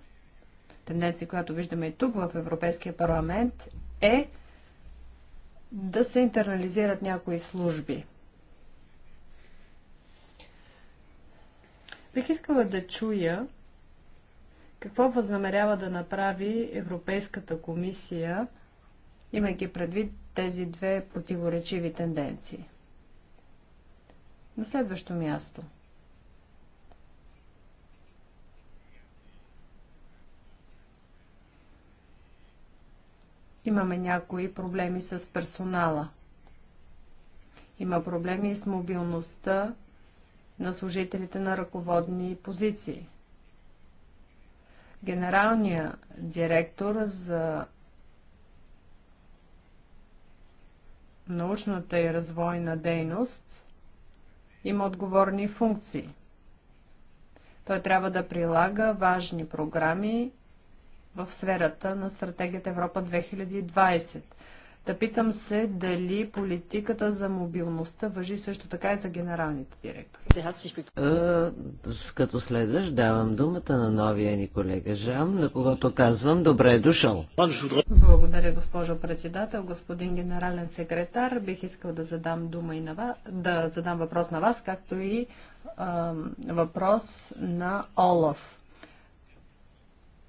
тенденция, която виждаме и тук в Европейския парламент, е да се интернализират някои служби. Бих искала да чуя какво възнамерява да направи Европейската комисия, имайки предвид тези две противоречиви тенденции? На следващо място. Имаме някои проблеми с персонала. Има проблеми с мобилността на служителите на ръководни позиции генералния директор за научната и развойна дейност има отговорни функции. Той трябва да прилага важни програми в сферата на стратегията Европа 2020. Да питам се дали политиката за мобилността въжи също така и за генералните директори. Е, като следваш давам думата на новия ни колега Жан, на когото казвам добре е дошъл. Благодаря, госпожо председател, господин генерален секретар. Бих искал да задам дума и на вас, да задам въпрос на вас, както и а, въпрос на Олаф.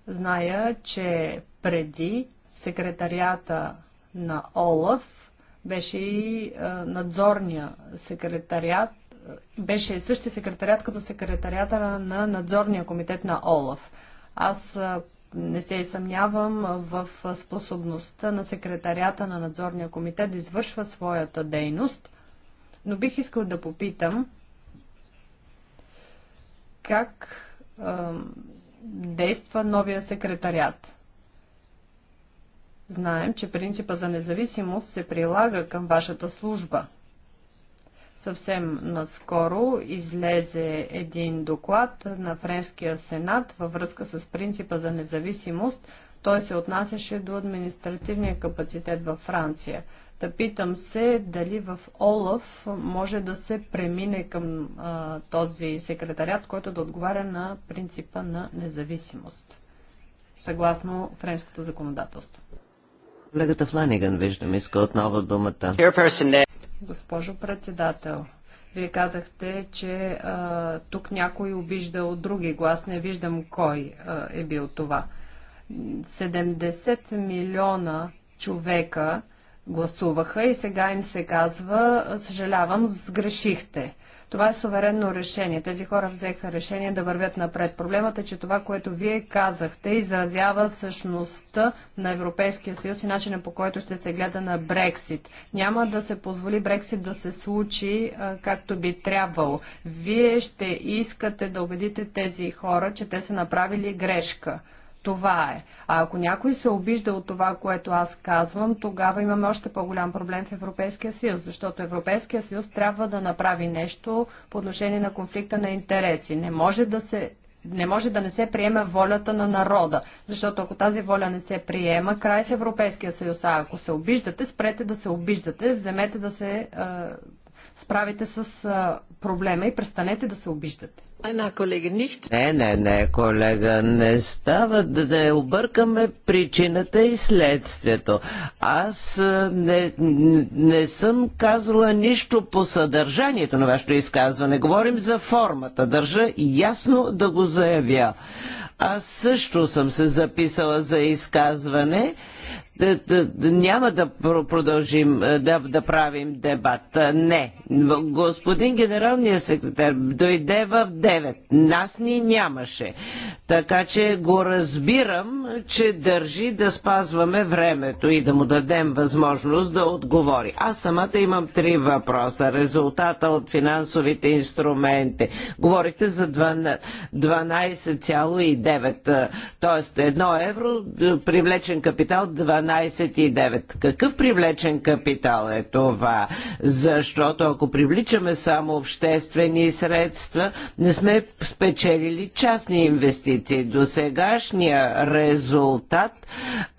Зная, че преди секретарията на ОЛАФ беше и надзорния секретариат, беше същия секретариат като секретарията на надзорния комитет на ОЛАФ. Аз не се съмнявам в способността на секретарията на надзорния комитет да извършва своята дейност, но бих искал да попитам как действа новия секретарят. Знаем, че принципа за независимост се прилага към вашата служба. Съвсем наскоро излезе един доклад на Френския сенат във връзка с принципа за независимост. Той се отнасяше до административния капацитет във Франция. Та питам се дали в ОЛАФ може да се премине към а, този секретарят, който да отговаря на принципа на независимост, съгласно френското законодателство. Колегата Фланиган, виждам, иска отново думата. Госпожо председател, вие казахте, че а, тук някой обижда от други глас. Не виждам кой а, е бил това. 70 милиона човека гласуваха и сега им се казва, съжалявам, сгрешихте. Това е суверенно решение. Тези хора взеха решение да вървят напред. Проблемът е, че това, което вие казахте, изразява същността на Европейския съюз и начина по който ще се гледа на Брексит. Няма да се позволи Брексит да се случи а, както би трябвало. Вие ще искате да убедите тези хора, че те са направили грешка. Това е. А ако някой се обижда от това, което аз казвам, тогава имаме още по-голям проблем в Европейския съюз, защото Европейския съюз трябва да направи нещо по отношение на конфликта на интереси. Не може да се не може да не се приеме волята на народа, защото ако тази воля не се приема, край с Европейския съюз, а ако се обиждате, спрете да се обиждате, вземете да се е, справите с е, проблема и престанете да се обиждате. Не, не, не, колега, не става да, да объркаме причината и следствието. Аз не, не съм казала нищо по съдържанието на вашето изказване. Говорим за формата. Държа ясно да го заявя. Аз също съм се записала за изказване. Няма да продължим е, да, да правим дебат. Е, не. Господин генералният секретар дойде в 9. Нас ни нямаше. Така че го разбирам, че държи да спазваме времето и да му дадем възможност да отговори. Аз самата имам три въпроса. Резултата от финансовите инструменти. Говорите за 12,9 12,9. Тоест, едно евро, привлечен капитал 12,9. Какъв привлечен капитал е това? Защото ако привличаме само обществени средства, не сме спечелили частни инвестиции. До сегашния резултат,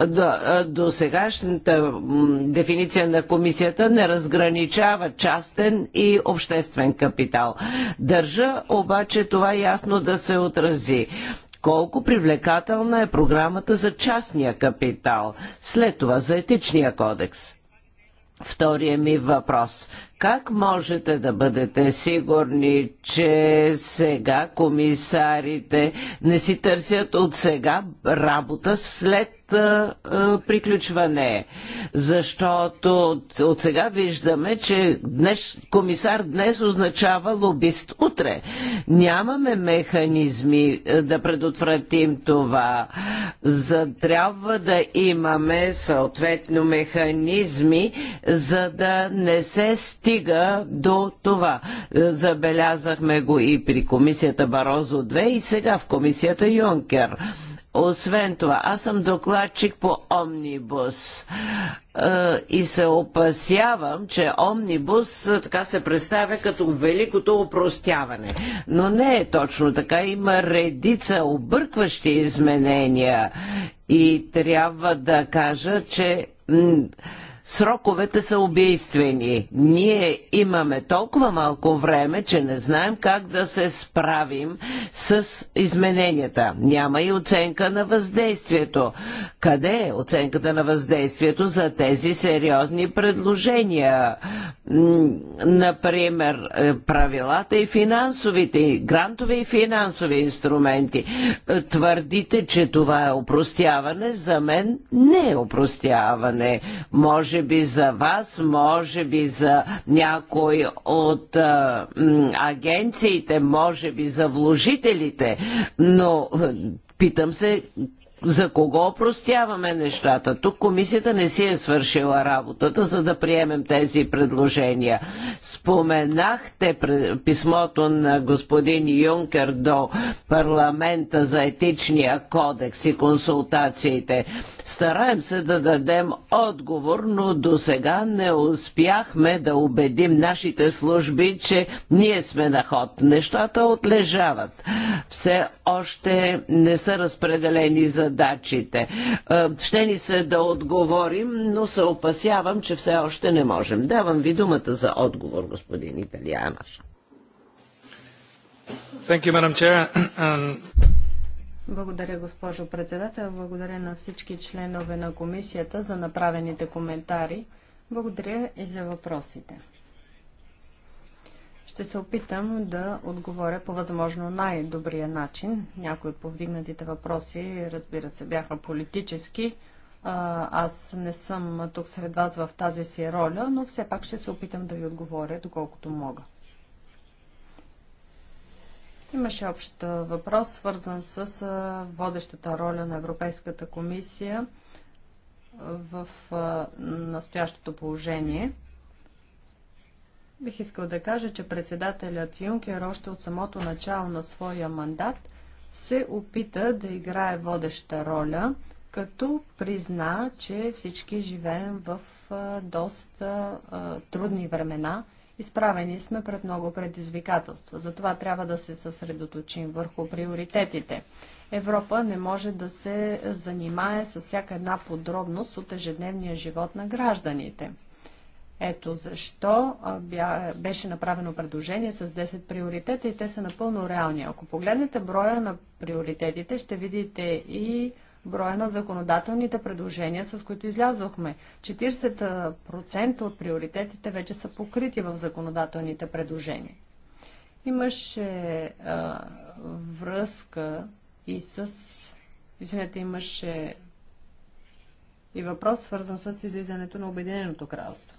до, до сегашната дефиниция на комисията не разграничава частен и обществен капитал. Държа обаче това ясно да се отрази колко привлекателна е програмата за частния капитал, след това за етичния кодекс. Втория ми въпрос. Как можете да бъдете сигурни, че сега комисарите не си търсят от сега работа след приключване. Защото от сега виждаме, че днес, комисар днес означава лобист утре. Нямаме механизми да предотвратим това. За, трябва да имаме съответно механизми, за да не се стига до това. Забелязахме го и при комисията Барозо 2 и сега в комисията Юнкер освен това, аз съм докладчик по Омнибус е, и се опасявам, че Омнибус е, така се представя като великото упростяване. Но не е точно така. Има редица объркващи изменения и трябва да кажа, че Сроковете са убийствени. Ние имаме толкова малко време, че не знаем как да се справим с измененията. Няма и оценка на въздействието. Къде е оценката на въздействието за тези сериозни предложения? Например, е, правилата и финансовите, грантове и финансови инструменти. Е, твърдите, че това е опростяване. За мен не е опростяване. Може може би за вас, може би за някой от а, агенциите, може би за вложителите, но питам се за кого простяваме нещата? Тук комисията не си е свършила работата, за да приемем тези предложения. Споменахте писмото на господин Юнкер до парламента за етичния кодекс и консултациите. Стараем се да дадем отговор, но до сега не успяхме да убедим нашите служби, че ние сме на ход. Нещата отлежават. Все още не са разпределени за задачите. Ще ни се да отговорим, но се опасявам, че все още не можем. Давам ви думата за отговор, господин Италианов. Благодаря, госпожо председател. Благодаря на всички членове на комисията за направените коментари. Благодаря и за въпросите. Ще се опитам да отговоря по възможно най-добрия начин. Някои от повдигнатите въпроси, разбира се, бяха политически. Аз не съм тук сред вас в тази си роля, но все пак ще се опитам да ви отговоря доколкото мога. Имаше общ въпрос, свързан с водещата роля на Европейската комисия в настоящото положение – Бих искал да кажа, че председателят Юнкер още от самото начало на своя мандат се опита да играе водеща роля, като призна, че всички живеем в доста трудни времена. Изправени сме пред много предизвикателства. Затова трябва да се съсредоточим върху приоритетите. Европа не може да се занимае с всяка една подробност от ежедневния живот на гражданите – ето защо беше направено предложение с 10 приоритета и те са напълно реални. Ако погледнете броя на приоритетите, ще видите и броя на законодателните предложения, с които излязохме. 40% от приоритетите вече са покрити в законодателните предложения. Имаше а, връзка и с. Извинете, имаше и въпрос, свързан с излизането на Обединеното кралство.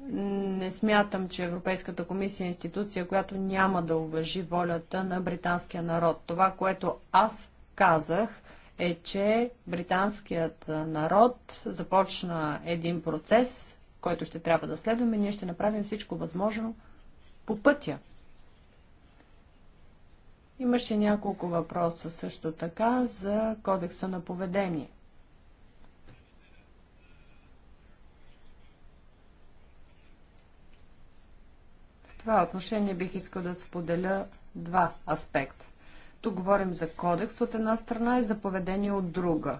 Не смятам, че Европейската комисия е институция, която няма да уважи волята на британския народ. Това, което аз казах, е, че британският народ започна един процес, който ще трябва да следваме. Ние ще направим всичко възможно по пътя. Имаше няколко въпроса също така за кодекса на поведение – това отношение бих искал да споделя два аспекта. Тук говорим за кодекс от една страна и за поведение от друга.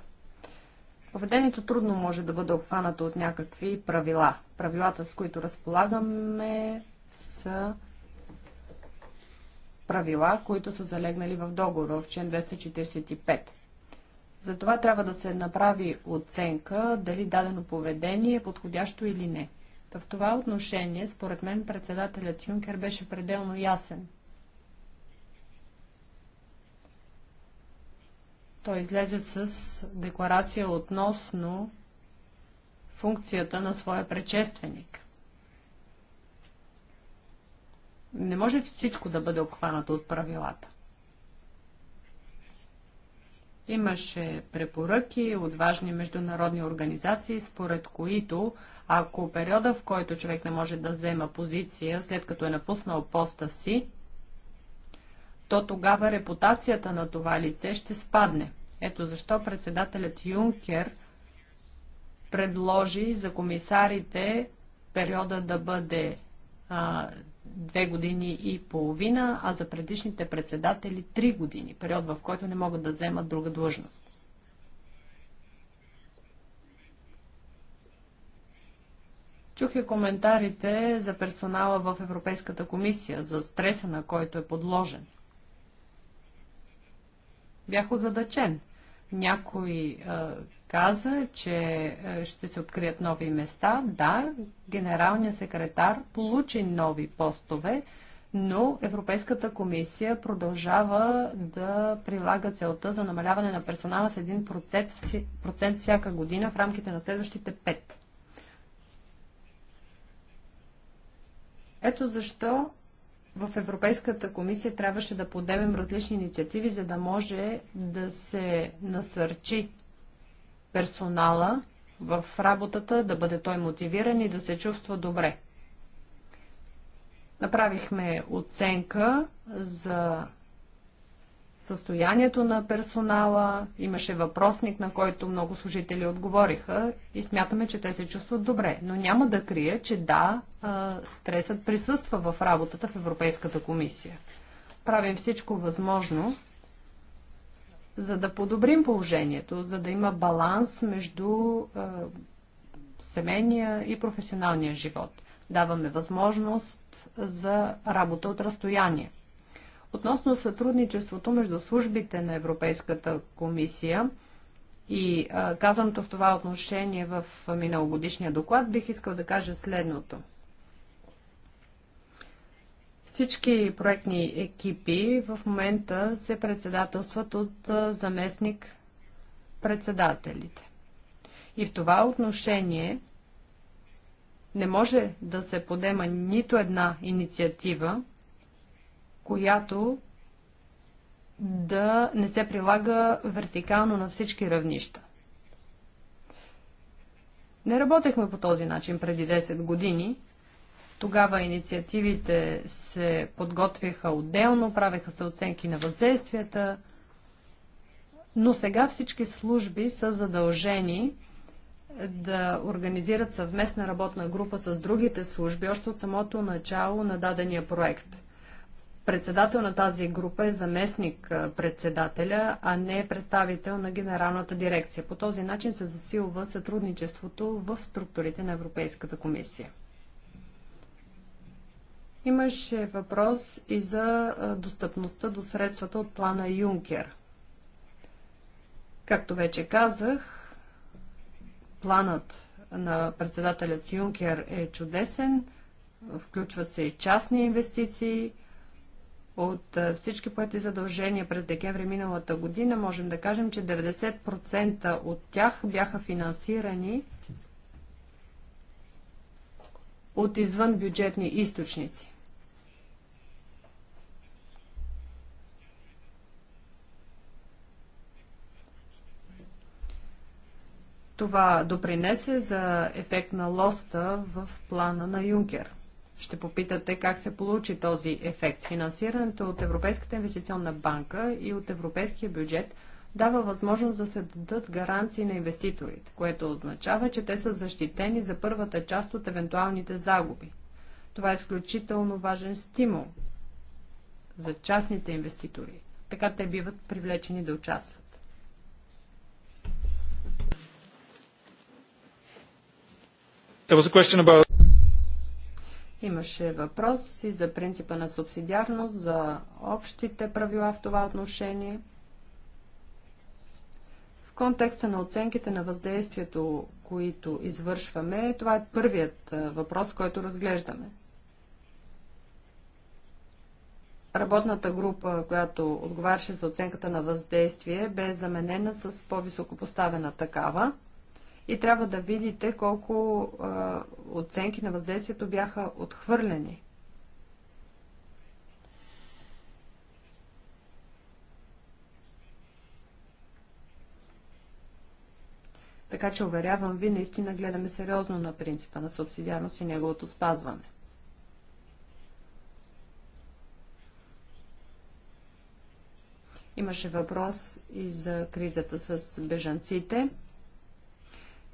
Поведението трудно може да бъде обхванато от някакви правила. Правилата, с които разполагаме, са правила, които са залегнали в договора в член 245. Затова трябва да се направи оценка дали дадено поведение е подходящо или не. В това отношение, според мен, председателят Юнкер беше пределно ясен. Той излезе с декларация относно функцията на своя предшественик. Не може всичко да бъде обхванато от правилата. Имаше препоръки от важни международни организации, според които ако периода, в който човек не може да взема позиция, след като е напуснал поста си, то тогава репутацията на това лице ще спадне. Ето защо председателят Юнкер предложи за комисарите периода да бъде а, две години и половина, а за предишните председатели три години, период в който не могат да вземат друга длъжност. Чух и коментарите за персонала в Европейската комисия, за стреса, на който е подложен. Бях озадачен. Някой е, каза, че ще се открият нови места. Да, генералният секретар получи нови постове, но Европейската комисия продължава да прилага целта за намаляване на персонала с 1% всяка година в рамките на следващите 5. Ето защо в Европейската комисия трябваше да подемем различни инициативи, за да може да се насърчи персонала в работата, да бъде той мотивиран и да се чувства добре. Направихме оценка за състоянието на персонала, имаше въпросник, на който много служители отговориха и смятаме, че те се чувстват добре. Но няма да крия, че да, стресът присъства в работата в Европейската комисия. Правим всичко възможно, за да подобрим положението, за да има баланс между семейния и професионалния живот. Даваме възможност за работа от разстояние. Относно сътрудничеството между службите на Европейската комисия и а, казаното в това отношение в миналогодишния доклад, бих искал да кажа следното. Всички проектни екипи в момента се председателстват от заместник председателите. И в това отношение не може да се подема нито една инициатива, която да не се прилага вертикално на всички равнища. Не работехме по този начин преди 10 години. Тогава инициативите се подготвяха отделно, правеха се оценки на въздействията, но сега всички служби са задължени да организират съвместна работна група с другите служби още от самото начало на дадения проект – Председател на тази група е заместник председателя, а не представител на генералната дирекция. По този начин се засилва сътрудничеството в структурите на Европейската комисия. Имаше въпрос и за достъпността до средствата от плана Юнкер. Както вече казах, планът на председателят Юнкер е чудесен, включват се и частни инвестиции – от всички поети задължения през декември миналата година можем да кажем, че 90% от тях бяха финансирани от извън бюджетни източници. Това допринесе за ефект на лоста в плана на Юнкер – ще попитате как се получи този ефект. Финансирането от Европейската инвестиционна банка и от европейския бюджет дава възможност да се дадат гаранции на инвеститорите, което означава, че те са защитени за първата част от евентуалните загуби. Това е изключително важен стимул за частните инвеститори. Така те биват привлечени да участват. There was a question about Имаше въпроси за принципа на субсидиарност, за общите правила в това отношение. В контекста на оценките на въздействието, които извършваме, това е първият въпрос, който разглеждаме. Работната група, която отговаряше за оценката на въздействие, бе заменена с по-високопоставена такава – и трябва да видите колко а, оценки на въздействието бяха отхвърлени. Така че, уверявам ви, наистина гледаме сериозно на принципа на субсидиарност и неговото спазване. Имаше въпрос и за кризата с бежанците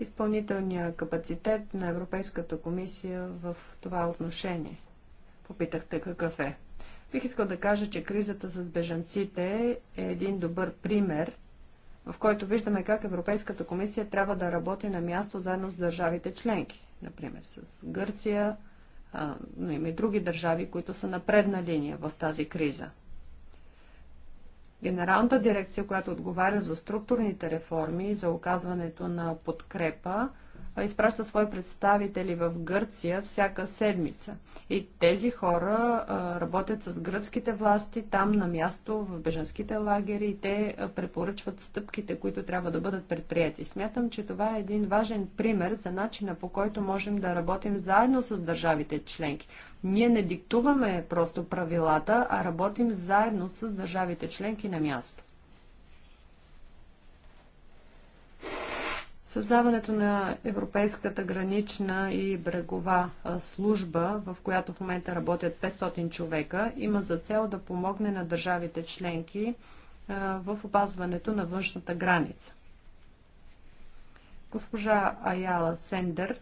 изпълнителния капацитет на Европейската комисия в това отношение? Попитахте какъв е. Бих искал да кажа, че кризата с бежанците е един добър пример, в който виждаме как Европейската комисия трябва да работи на място заедно с държавите членки. Например, с Гърция, но има и други държави, които са на предна линия в тази криза. Генералната дирекция, която отговаря за структурните реформи и за оказването на подкрепа, изпраща свои представители в Гърция всяка седмица. И тези хора работят с гръцките власти там на място в беженските лагери и те препоръчват стъпките, които трябва да бъдат предприяти. Смятам, че това е един важен пример за начина по който можем да работим заедно с държавите членки. Ние не диктуваме просто правилата, а работим заедно с държавите членки на място. Създаването на Европейската гранична и брегова служба, в която в момента работят 500 човека, има за цел да помогне на държавите членки в опазването на външната граница. Госпожа Аяла Сендер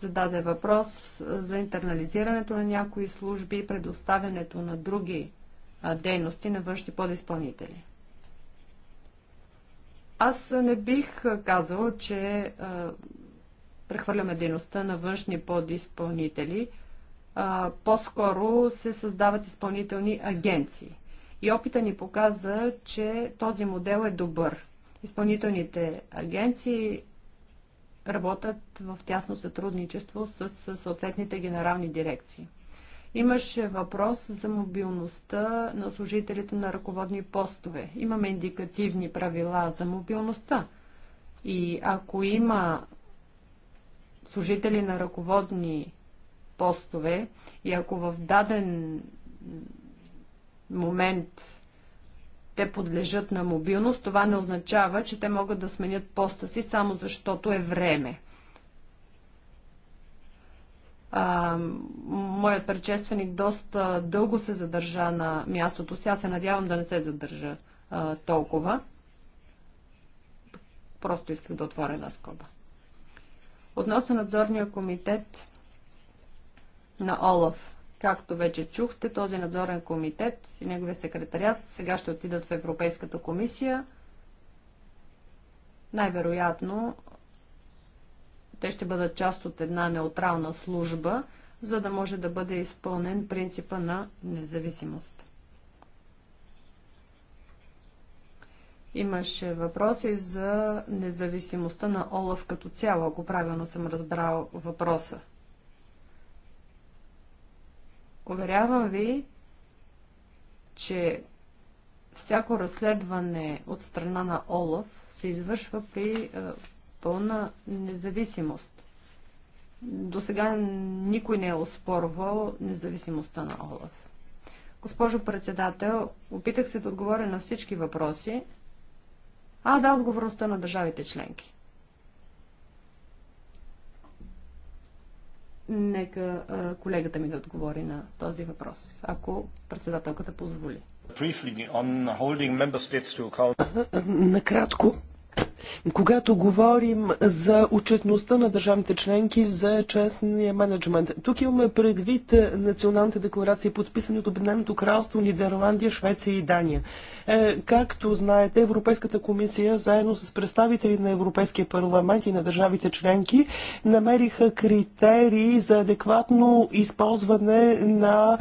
зададе въпрос за интернализирането на някои служби и предоставянето на други дейности на външни подизпълнители. Аз не бих казала, че а, прехвърляме дейността на външни подизпълнители. по-скоро се създават изпълнителни агенции. И опита ни показа, че този модел е добър. Изпълнителните агенции работят в тясно сътрудничество с съответните генерални дирекции. Имаше въпрос за мобилността на служителите на ръководни постове. Имаме индикативни правила за мобилността. И ако има служители на ръководни постове и ако в даден момент те подлежат на мобилност, това не означава, че те могат да сменят поста си само защото е време а, моят предшественик доста дълго се задържа на мястото си. Аз се надявам да не се задържа а, толкова. Просто исках да отворя една скоба. Относно надзорния комитет на ОЛАФ, както вече чухте, този надзорен комитет и неговия секретарят сега ще отидат в Европейската комисия. Най-вероятно те ще бъдат част от една неутрална служба, за да може да бъде изпълнен принципа на независимост. Имаше въпроси за независимостта на Олаф като цяло, ако правилно съм разбрал въпроса. Уверявам ви, че всяко разследване от страна на Олаф се извършва при е, пълна независимост. До сега никой не е оспорвал независимостта на Олаф. Госпожо председател, опитах се да отговоря на всички въпроси. А, да, отговорността на държавите членки. Нека колегата ми да отговори на този въпрос, ако председателката позволи. Накратко когато говорим за отчетността на държавните членки за честния менеджмент, тук имаме предвид националните декларации, подписани от Обединеното кралство, Нидерландия, Швеция и Дания. Е, както знаете, Европейската комисия, заедно с представители на Европейския парламент и на държавите членки, намериха критерии за адекватно използване на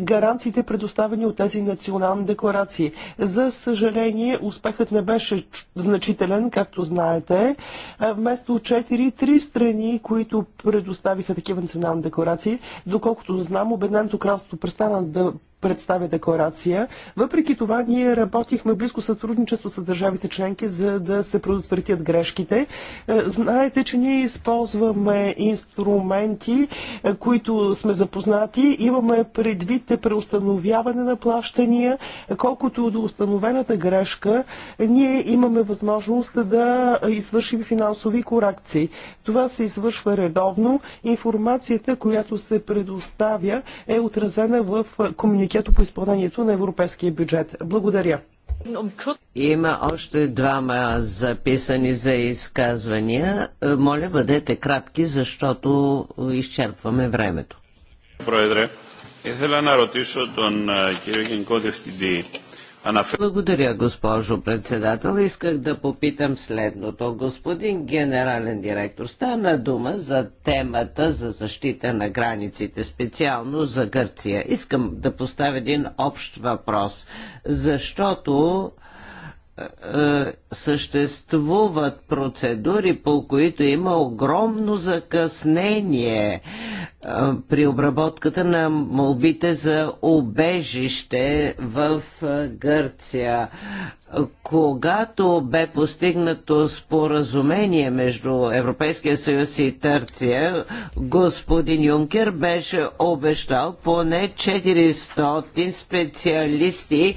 гаранциите, предоставени от тези национални декларации. За съжаление, успехът не беше значителен, както както знаете, вместо 4-3 страни, които предоставиха такива национални декларации, доколкото знам, Обединеното кралство престана да представя декларация. Въпреки това, ние работихме близко сътрудничество с държавите членки, за да се предотвратят грешките. Е, знаете, че ние използваме инструменти, е, които сме запознати. Имаме предвид преустановяване на плащания. Колкото до установената грешка, ние имаме възможност да извършим финансови корекции. Това се извършва редовно. Информацията, която се предоставя, е отразена в комуникацията комитето по изпълнението на европейския бюджет. Благодаря. Има още двама записани за изказвания. Моля, бъдете кратки, защото изчерпваме времето. Проедре, ήθελα να ρωτήσω τον κύριο Γενικό Διευθυντή благодаря, госпожо председател. Исках да попитам следното. Господин генерален директор, стана дума за темата за защита на границите, специално за Гърция. Искам да поставя един общ въпрос, защото е, съществуват процедури, по които има огромно закъснение е, при обработката на молбите за обежище в е, Гърция. Когато бе постигнато споразумение между Европейския съюз и Търция, господин Юнкер беше обещал поне 400 специалисти,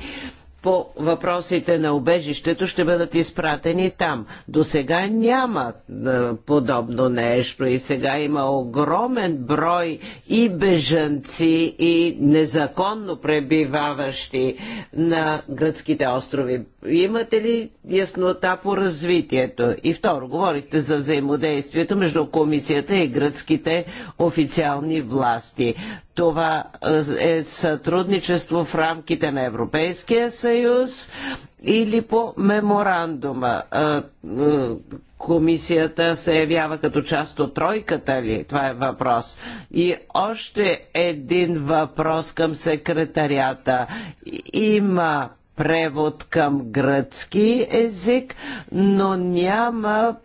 по въпросите на убежището ще бъдат изпратени там. До сега няма е, подобно нещо и сега има огромен брой и бежанци, и незаконно пребиваващи на гръцките острови. Имате ли яснота по развитието? И второ, говорите за взаимодействието между комисията и гръцките официални власти. Това е, е сътрудничество в рамките на Европейския съюз или по меморандума. Комисията се явява като част от тройката ли? Това е въпрос. И още един въпрос към секретарията. Има превод към гръцки език, но няма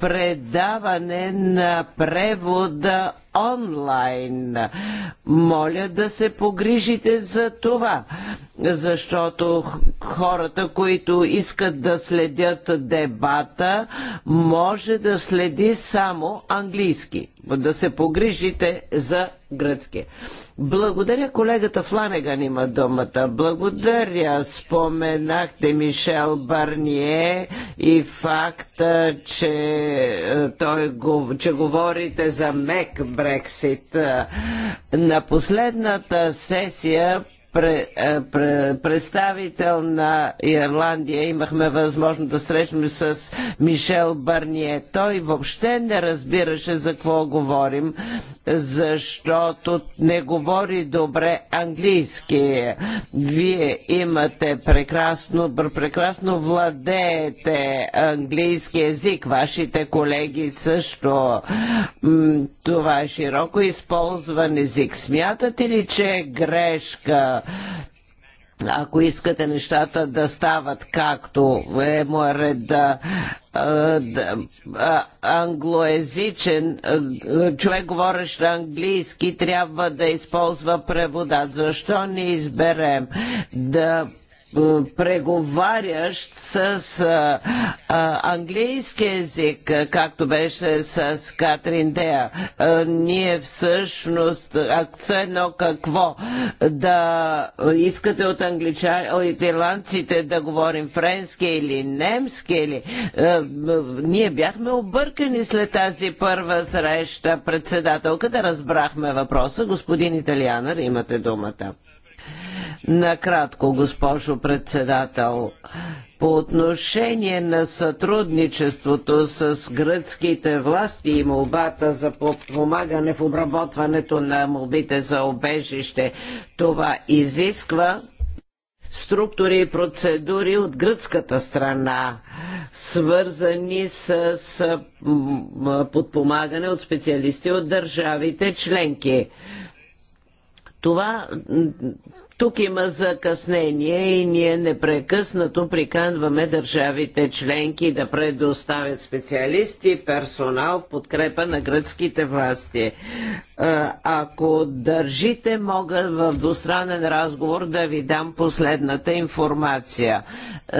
предаване на превода онлайн. Моля да се погрижите за това, защото хората, които искат да следят дебата, може да следи само английски. Да се погрижите за гръцки. Благодаря, колегата Фланеган има думата. Благодаря, споменахте Мишел Барние и факта, че, е, той, че говорите за мек Брексит. Е, на последната сесия е, представител на Ирландия имахме възможност да срещнем с Мишел Барние. Той въобще не разбираше за какво говорим, защото не говори добре английски. Вие имате прекрасно, прекрасно владеете английски език, вашите колеги също. Това е широко използван език. Смятате ли, че е грешка? ако искате нещата да стават както е моят ред да, да англоязичен човек говорещ английски трябва да използва преводач. Защо не изберем да е, преговарящ с а, е, а, е, английски език, както беше с Катрин Дея. А, ние всъщност, акцентно какво, да искате от англичани, от ирландците да говорим френски или немски, или, а, ние бяхме объркани след тази първа среща председателката, да разбрахме въпроса. Господин Италианър, имате думата. Накратко, госпожо председател, по отношение на сътрудничеството с гръцките власти и молбата за подпомагане в обработването на молбите за обежище, това изисква структури и процедури от гръцката страна, свързани с, с подпомагане от специалисти от държавите членки. Това тук има закъснение и ние непрекъснато приканваме държавите членки да предоставят специалисти, персонал в подкрепа на гръцките власти. Ако държите, мога в двустранен разговор да ви дам последната информация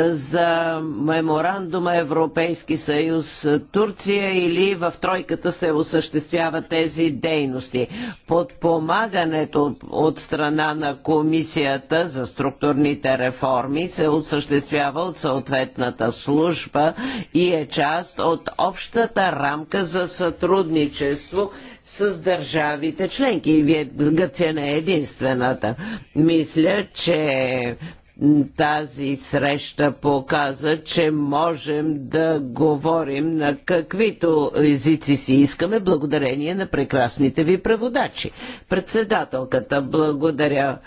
за меморандума Европейски съюз Турция или в тройката се осъществяват тези дейности. Подпомагането от страна на комисията комисията за структурните реформи се осъществява от съответната служба и е част от общата рамка за сътрудничество с държавите членки. И вие Гърция не е единствената. Мисля, че тази среща показа, че можем да говорим на каквито езици си искаме, благодарение на прекрасните ви преводачи. Председателката, благодаря.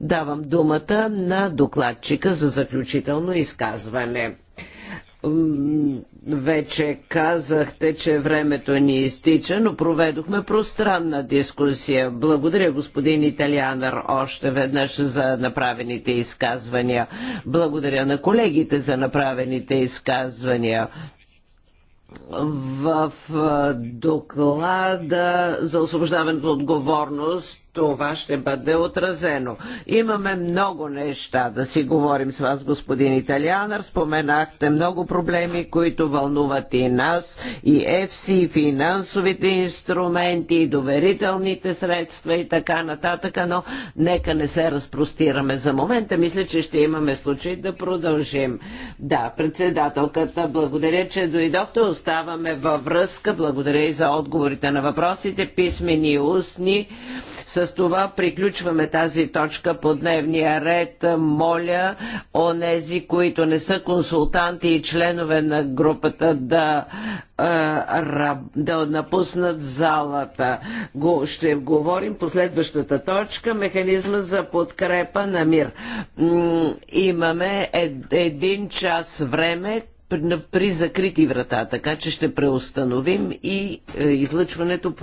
Давам думата на докладчика за заключително изказване вече казахте, че времето ни изтича, но проведохме пространна дискусия. Благодаря господин Италианър още веднъж за направените изказвания. Благодаря на колегите за направените изказвания в доклада за освобождаването от отговорност това ще бъде отразено. Имаме много неща да си говорим с вас, господин Италианър. Споменахте много проблеми, които вълнуват и нас, и ЕФСИ, и финансовите инструменти, и доверителните средства и така нататък, но нека не се разпростираме за момента. Мисля, че ще имаме случай да продължим. Да, председателката, благодаря, че дойдохте. Оставаме във връзка. Благодаря и за отговорите на въпросите, писмени и устни. С с това приключваме тази точка по дневния ред. Моля онези, които не са консултанти и членове на групата да, да напуснат залата. Го, ще говорим последващата точка механизма за подкрепа на мир. Имаме един час време, при закрити врата, така че ще преустановим и е, излъчването по